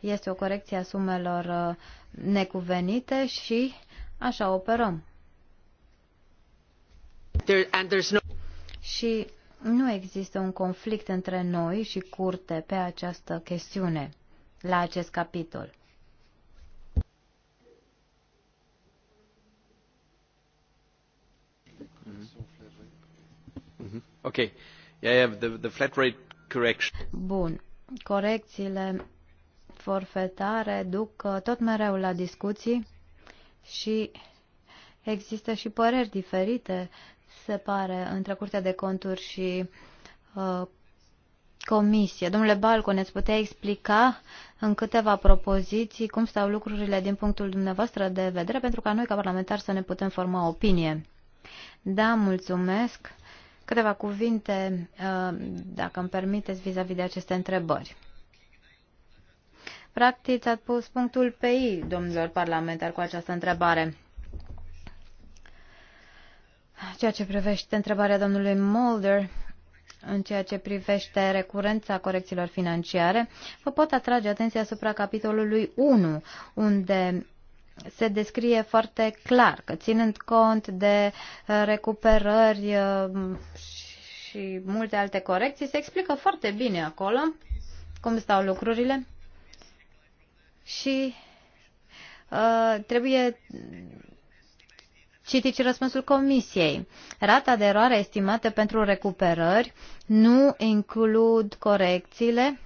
este o corecție a sumelor uh, necuvenite și așa operăm. There, and there's no... Și nu există un conflict între noi și curte pe această chestiune, la acest capitol. Mm-hmm. Mm-hmm. Ok. Yeah, yeah, the, the flat rate correction. Bun. Corecțiile forfetare duc uh, tot mereu la discuții și există și păreri diferite, se pare, între Curtea de Conturi și uh, Comisie. Domnule Balcu, ne-ți putea explica în câteva propoziții cum stau lucrurile din punctul dumneavoastră de vedere, pentru ca noi, ca parlamentari, să ne putem forma opinie. Da, mulțumesc. Câteva cuvinte, uh, dacă îmi permiteți, vis-a-vis -vis de aceste întrebări. Practic ați pus punctul pe ei, domnilor parlamentari, cu această întrebare. Ceea ce privește întrebarea domnului Mulder, în ceea ce privește recurența corecțiilor financiare, vă pot atrage atenția asupra capitolului 1, unde se descrie foarte clar că ținând cont de uh, recuperări uh, și multe alte corecții, se explică foarte bine acolo cum stau lucrurile și uh, trebuie citit și răspunsul comisiei. Rata de eroare estimată pentru recuperări nu includ corecțiile,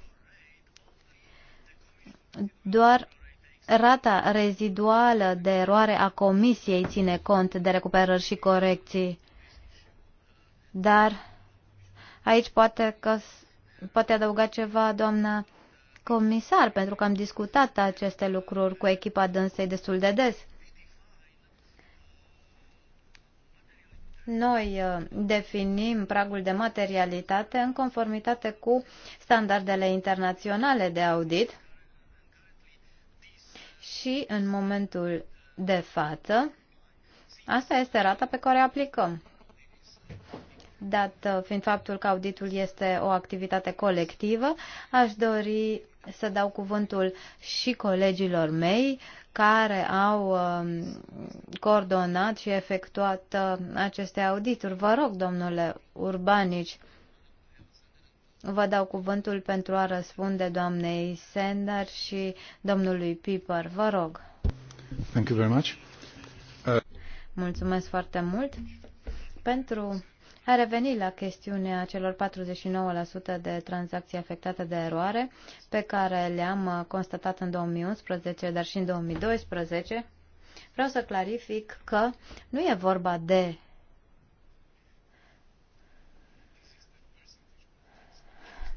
doar rata reziduală de eroare a comisiei ține cont de recuperări și corecții. Dar aici poate că poate adăuga ceva doamna comisar, pentru că am discutat aceste lucruri cu echipa dânsei destul de des. Noi uh, definim pragul de materialitate în conformitate cu standardele internaționale de audit și în momentul de față, asta este rata pe care o aplicăm. Dat uh, fiind faptul că auditul este o activitate colectivă, aș dori să dau cuvântul și colegilor mei care au um, coordonat și efectuat uh, aceste audituri. Vă rog, domnule Urbanici, vă dau cuvântul pentru a răspunde doamnei Sender și domnului Piper. Vă rog. Thank you very much. Uh... Mulțumesc foarte mult pentru a revenit la chestiunea celor 49% de tranzacții afectate de eroare pe care le-am constatat în 2011, dar și în 2012. Vreau să clarific că nu e vorba de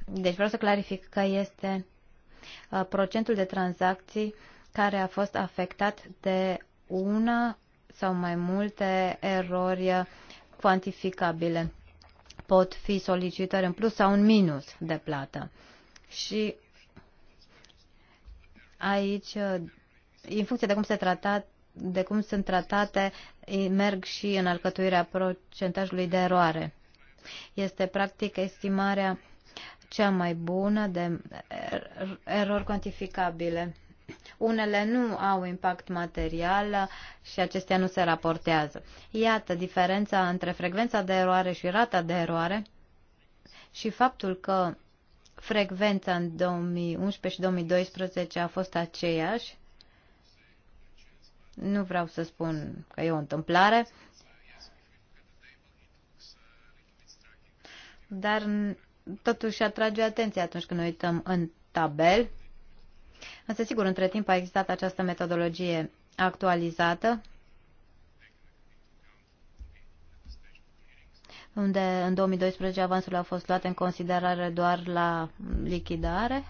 Deci vreau să clarific că este uh, procentul de tranzacții care a fost afectat de una sau mai multe erori uh, cuantificabile. Pot fi solicitări în plus sau în minus de plată. Și aici, în funcție de cum se trata de cum sunt tratate, merg și în alcătuirea procentajului de eroare. Este practic estimarea cea mai bună de er-, erori cuantificabile unele nu au impact material și acestea nu se raportează. Iată diferența între frecvența de eroare și rata de eroare și faptul că frecvența în 2011 și 2012 a fost aceeași. Nu vreau să spun că e o întâmplare, dar totuși atrage atenția atunci când ne uităm în tabel. Însă, sigur, între timp a existat această metodologie actualizată, unde în 2012 avansurile au fost luate în considerare doar la lichidare,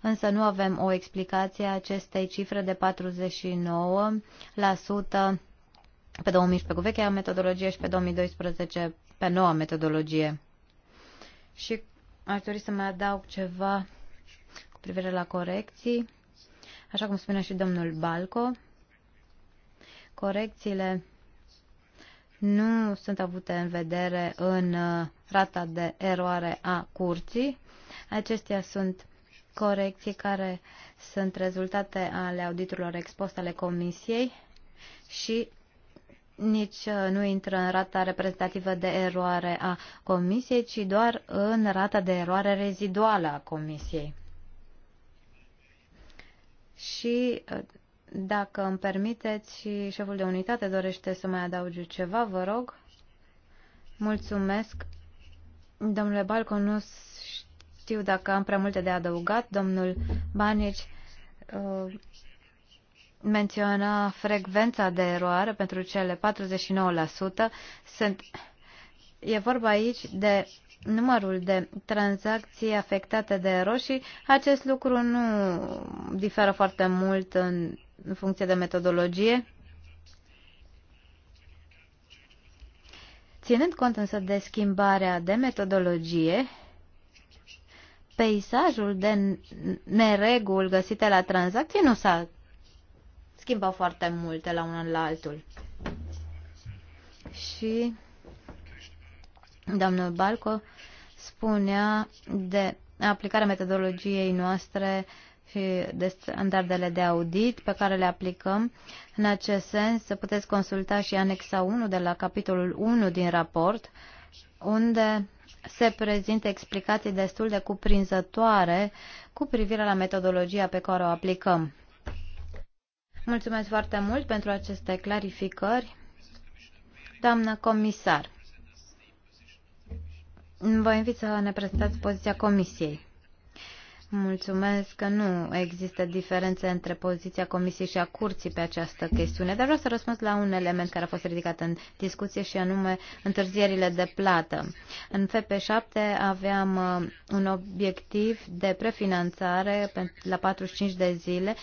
însă nu avem o explicație a acestei cifre de 49% pe 2011 cu vechea metodologie și pe 2012 pe noua metodologie. Și aș dori să mai adaug ceva privire la corecții, așa cum spune și domnul Balco, corecțiile nu sunt avute în vedere în uh, rata de eroare a curții. Acestea sunt corecții care sunt rezultate ale auditurilor expuse ale comisiei și nici uh, nu intră în rata reprezentativă de eroare a comisiei, ci doar în rata de eroare reziduală a comisiei. Și uh, dacă îmi permiteți și șeful de unitate dorește să mai adauge ceva, vă rog. Mulțumesc. Domnule Balcon, nu știu dacă am prea multe de adăugat. Domnul Banici uh, menționa frecvența de eroare pentru cele 49%. Sunt, e vorba aici de numărul de tranzacții afectate de roșii, acest lucru nu diferă foarte mult în funcție de metodologie. Ținând cont însă de schimbarea de metodologie, peisajul de neregul găsite la tranzacții nu s-a schimbat foarte mult la unul la altul. Și Domnul Balco spunea de aplicarea metodologiei noastre și de standardele de audit pe care le aplicăm. În acest sens, puteți consulta și anexa 1 de la capitolul 1 din raport, unde se prezintă explicații destul de cuprinzătoare cu privire la metodologia pe care o aplicăm. Mulțumesc foarte mult pentru aceste clarificări, doamnă comisar. Vă invit să ne prezentați poziția Comisiei. Mulțumesc că nu există diferențe între poziția Comisiei și a Curții pe această chestiune, dar vreau să răspund la un element care a fost ridicat în discuție și anume întârzierile de plată. În FP7 aveam uh, un obiectiv de prefinanțare la 45 de zile.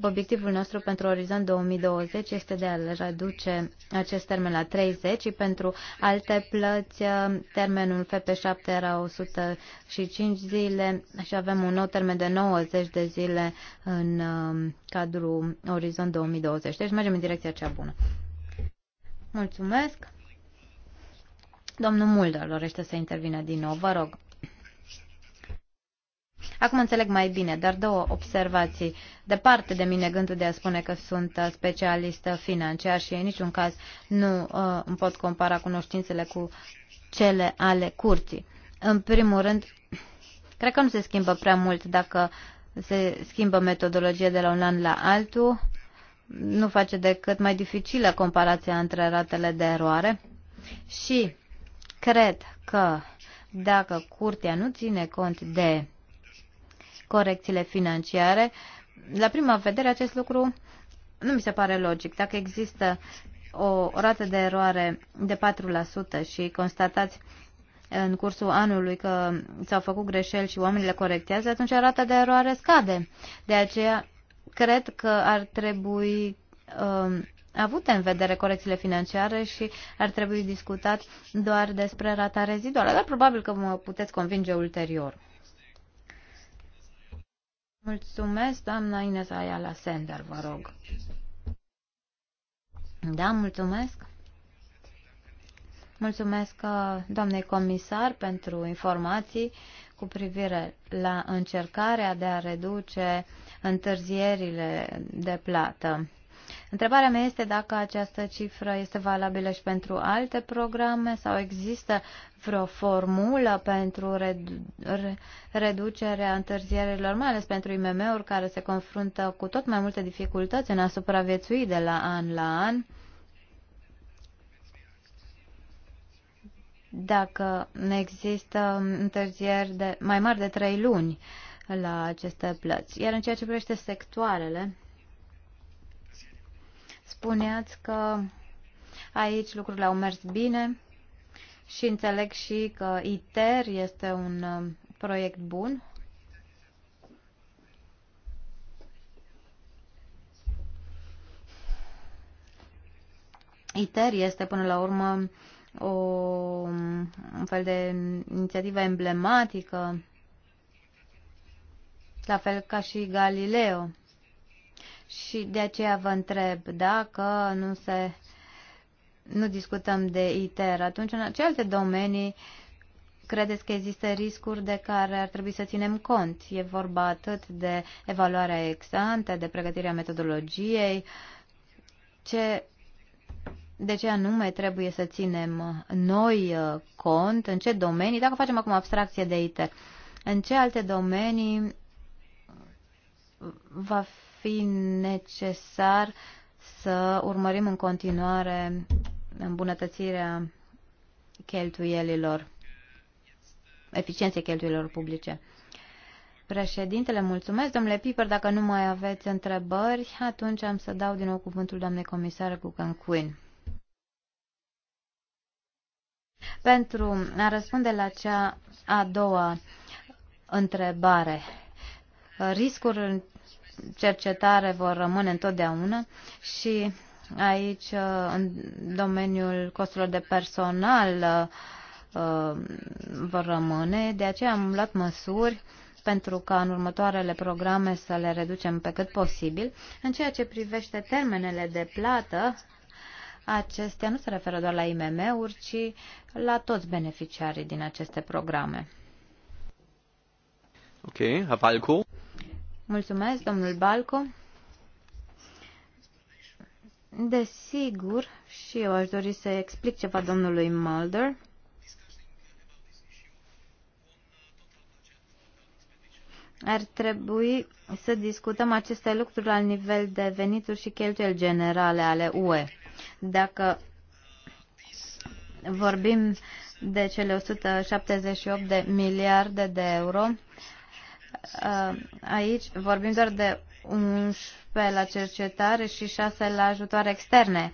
Obiectivul nostru pentru orizont 2020 este de a reduce acest termen la 30 și pentru alte plăți uh, termenul FP7 era 105 zile și avem un nou termen de 90 de zile în um, cadrul Orizont 2020. Deci mergem în direcția cea bună. Mulțumesc. Domnul Mulder dorește să intervină din nou. Vă rog. Acum înțeleg mai bine, dar două observații. Departe de mine gândul de a spune că sunt uh, specialistă financiar și în niciun caz nu uh, îmi pot compara cunoștințele cu cele ale curții. În primul rând, Cred că nu se schimbă prea mult dacă se schimbă metodologia de la un an la altul. Nu face decât mai dificilă comparația între ratele de eroare. Și cred că dacă curtea nu ține cont de corecțiile financiare, la prima vedere acest lucru nu mi se pare logic. Dacă există o rată de eroare de 4% și constatați în cursul anului că s-au făcut greșeli și oamenii le corectează, atunci rata de eroare scade. De aceea, cred că ar trebui uh, avute în vedere corecțiile financiare și ar trebui discutat doar despre rata reziduală, dar probabil că mă puteți convinge ulterior. Mulțumesc, doamna Ines aia la Sender, vă rog. Da, mulțumesc. Mulțumesc uh, doamnei comisar pentru informații cu privire la încercarea de a reduce întârzierile de plată. Întrebarea mea este dacă această cifră este valabilă și pentru alte programe sau există vreo formulă pentru reducerea întârzierilor, mai ales pentru IMM-uri care se confruntă cu tot mai multe dificultăți în a supraviețui de la an la an. dacă există întârzieri de, mai mari de trei luni la aceste plăți. Iar în ceea ce privește sectoarele, spuneați că aici lucrurile au mers bine și înțeleg și că ITER este un uh, proiect bun. ITER este până la urmă o, un fel de inițiativă emblematică, la fel ca și Galileo. Și de aceea vă întreb dacă nu se nu discutăm de ITER, atunci în ce alte domenii credeți că există riscuri de care ar trebui să ținem cont? E vorba atât de evaluarea ex ante, de pregătirea metodologiei, ce de ce anume trebuie să ținem uh, noi uh, cont, în ce domenii, dacă facem acum abstracție de ITER, în ce alte domenii va fi necesar să urmărim în continuare îmbunătățirea cheltuielilor, eficienței cheltuielilor publice. Președintele, mulțumesc. Domnule Piper, dacă nu mai aveți întrebări, atunci am să dau din nou cuvântul doamnei comisare Gugan Quinn. Pentru a răspunde la cea a doua întrebare, riscuri în cercetare vor rămâne întotdeauna și aici uh, în domeniul costurilor de personal uh, vor rămâne, de aceea am luat măsuri pentru ca în următoarele programe să le reducem pe cât posibil. În ceea ce privește termenele de plată, acestea nu se referă doar la IMM-uri, ci la toți beneficiarii din aceste programe. Ok, Herr Balco. Mulțumesc, domnul Balco. Desigur, și eu aș dori să explic ceva domnului Mulder. Ar trebui să discutăm aceste lucruri la nivel de venituri și cheltuieli generale ale UE. Dacă vorbim de cele 178 de miliarde de euro, uh, aici vorbim doar de 11 la cercetare și 6 la ajutoare externe.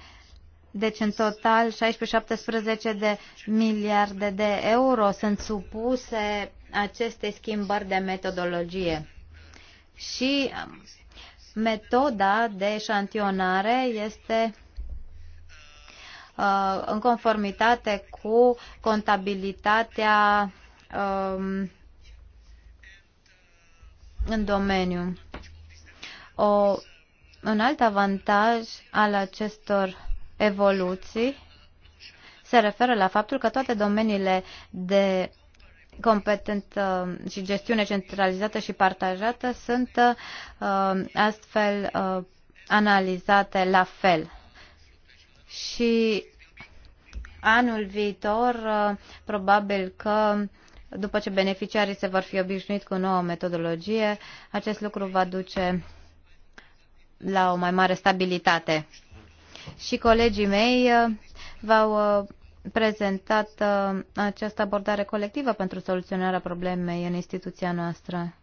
Deci, în total, 16-17 de miliarde de euro sunt supuse acestei schimbări de metodologie. Și um, metoda de șantionare este Uh, în conformitate cu contabilitatea um, în domeniu. O, un alt avantaj al acestor evoluții se referă la faptul că toate domeniile de competentă și gestiune centralizată și partajată sunt uh, astfel uh, analizate la fel și anul viitor uh, probabil că după ce beneficiarii se vor fi obișnuit cu noua metodologie, acest lucru va duce la o mai mare stabilitate. Și colegii mei uh, v-au uh, prezentat această abordare colectivă pentru soluționarea problemei în instituția noastră.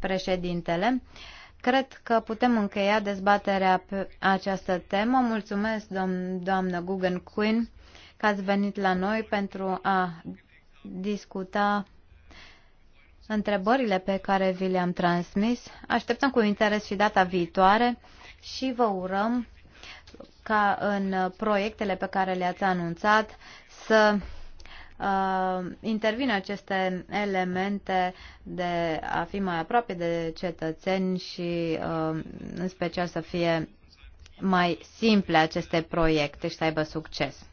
Președintele, Cred că putem încheia dezbaterea pe această temă. Mulțumesc, domn, doamnă Guggen Quinn, că ați venit la noi pentru a discuta întrebările pe care vi le-am transmis. Așteptăm cu interes și data viitoare și vă urăm ca în proiectele pe care le-ați anunțat să Uh, intervin aceste elemente de a fi mai aproape de cetățeni și uh, în special să fie mai simple aceste proiecte și să aibă succes.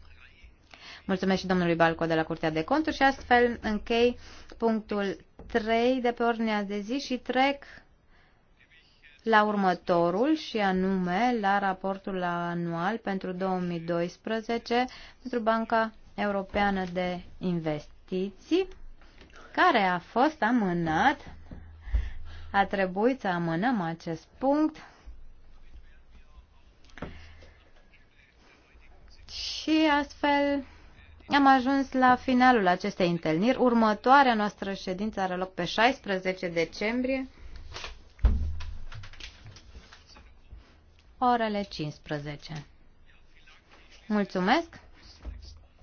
Mulțumesc și domnului Balco de la Curtea de Conturi și astfel închei punctul 3 de pe ordinea de zi și trec la următorul și anume la raportul anual pentru 2012 pentru Banca Europeană de Investiții, care a fost amânat. A trebuit să amânăm acest punct și astfel am ajuns la finalul acestei întâlniri. Următoarea noastră ședință are loc pe 16 decembrie, orele 15. Mulțumesc!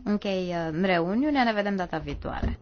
Închei uh, reuniunea, ne vedem data viitoare.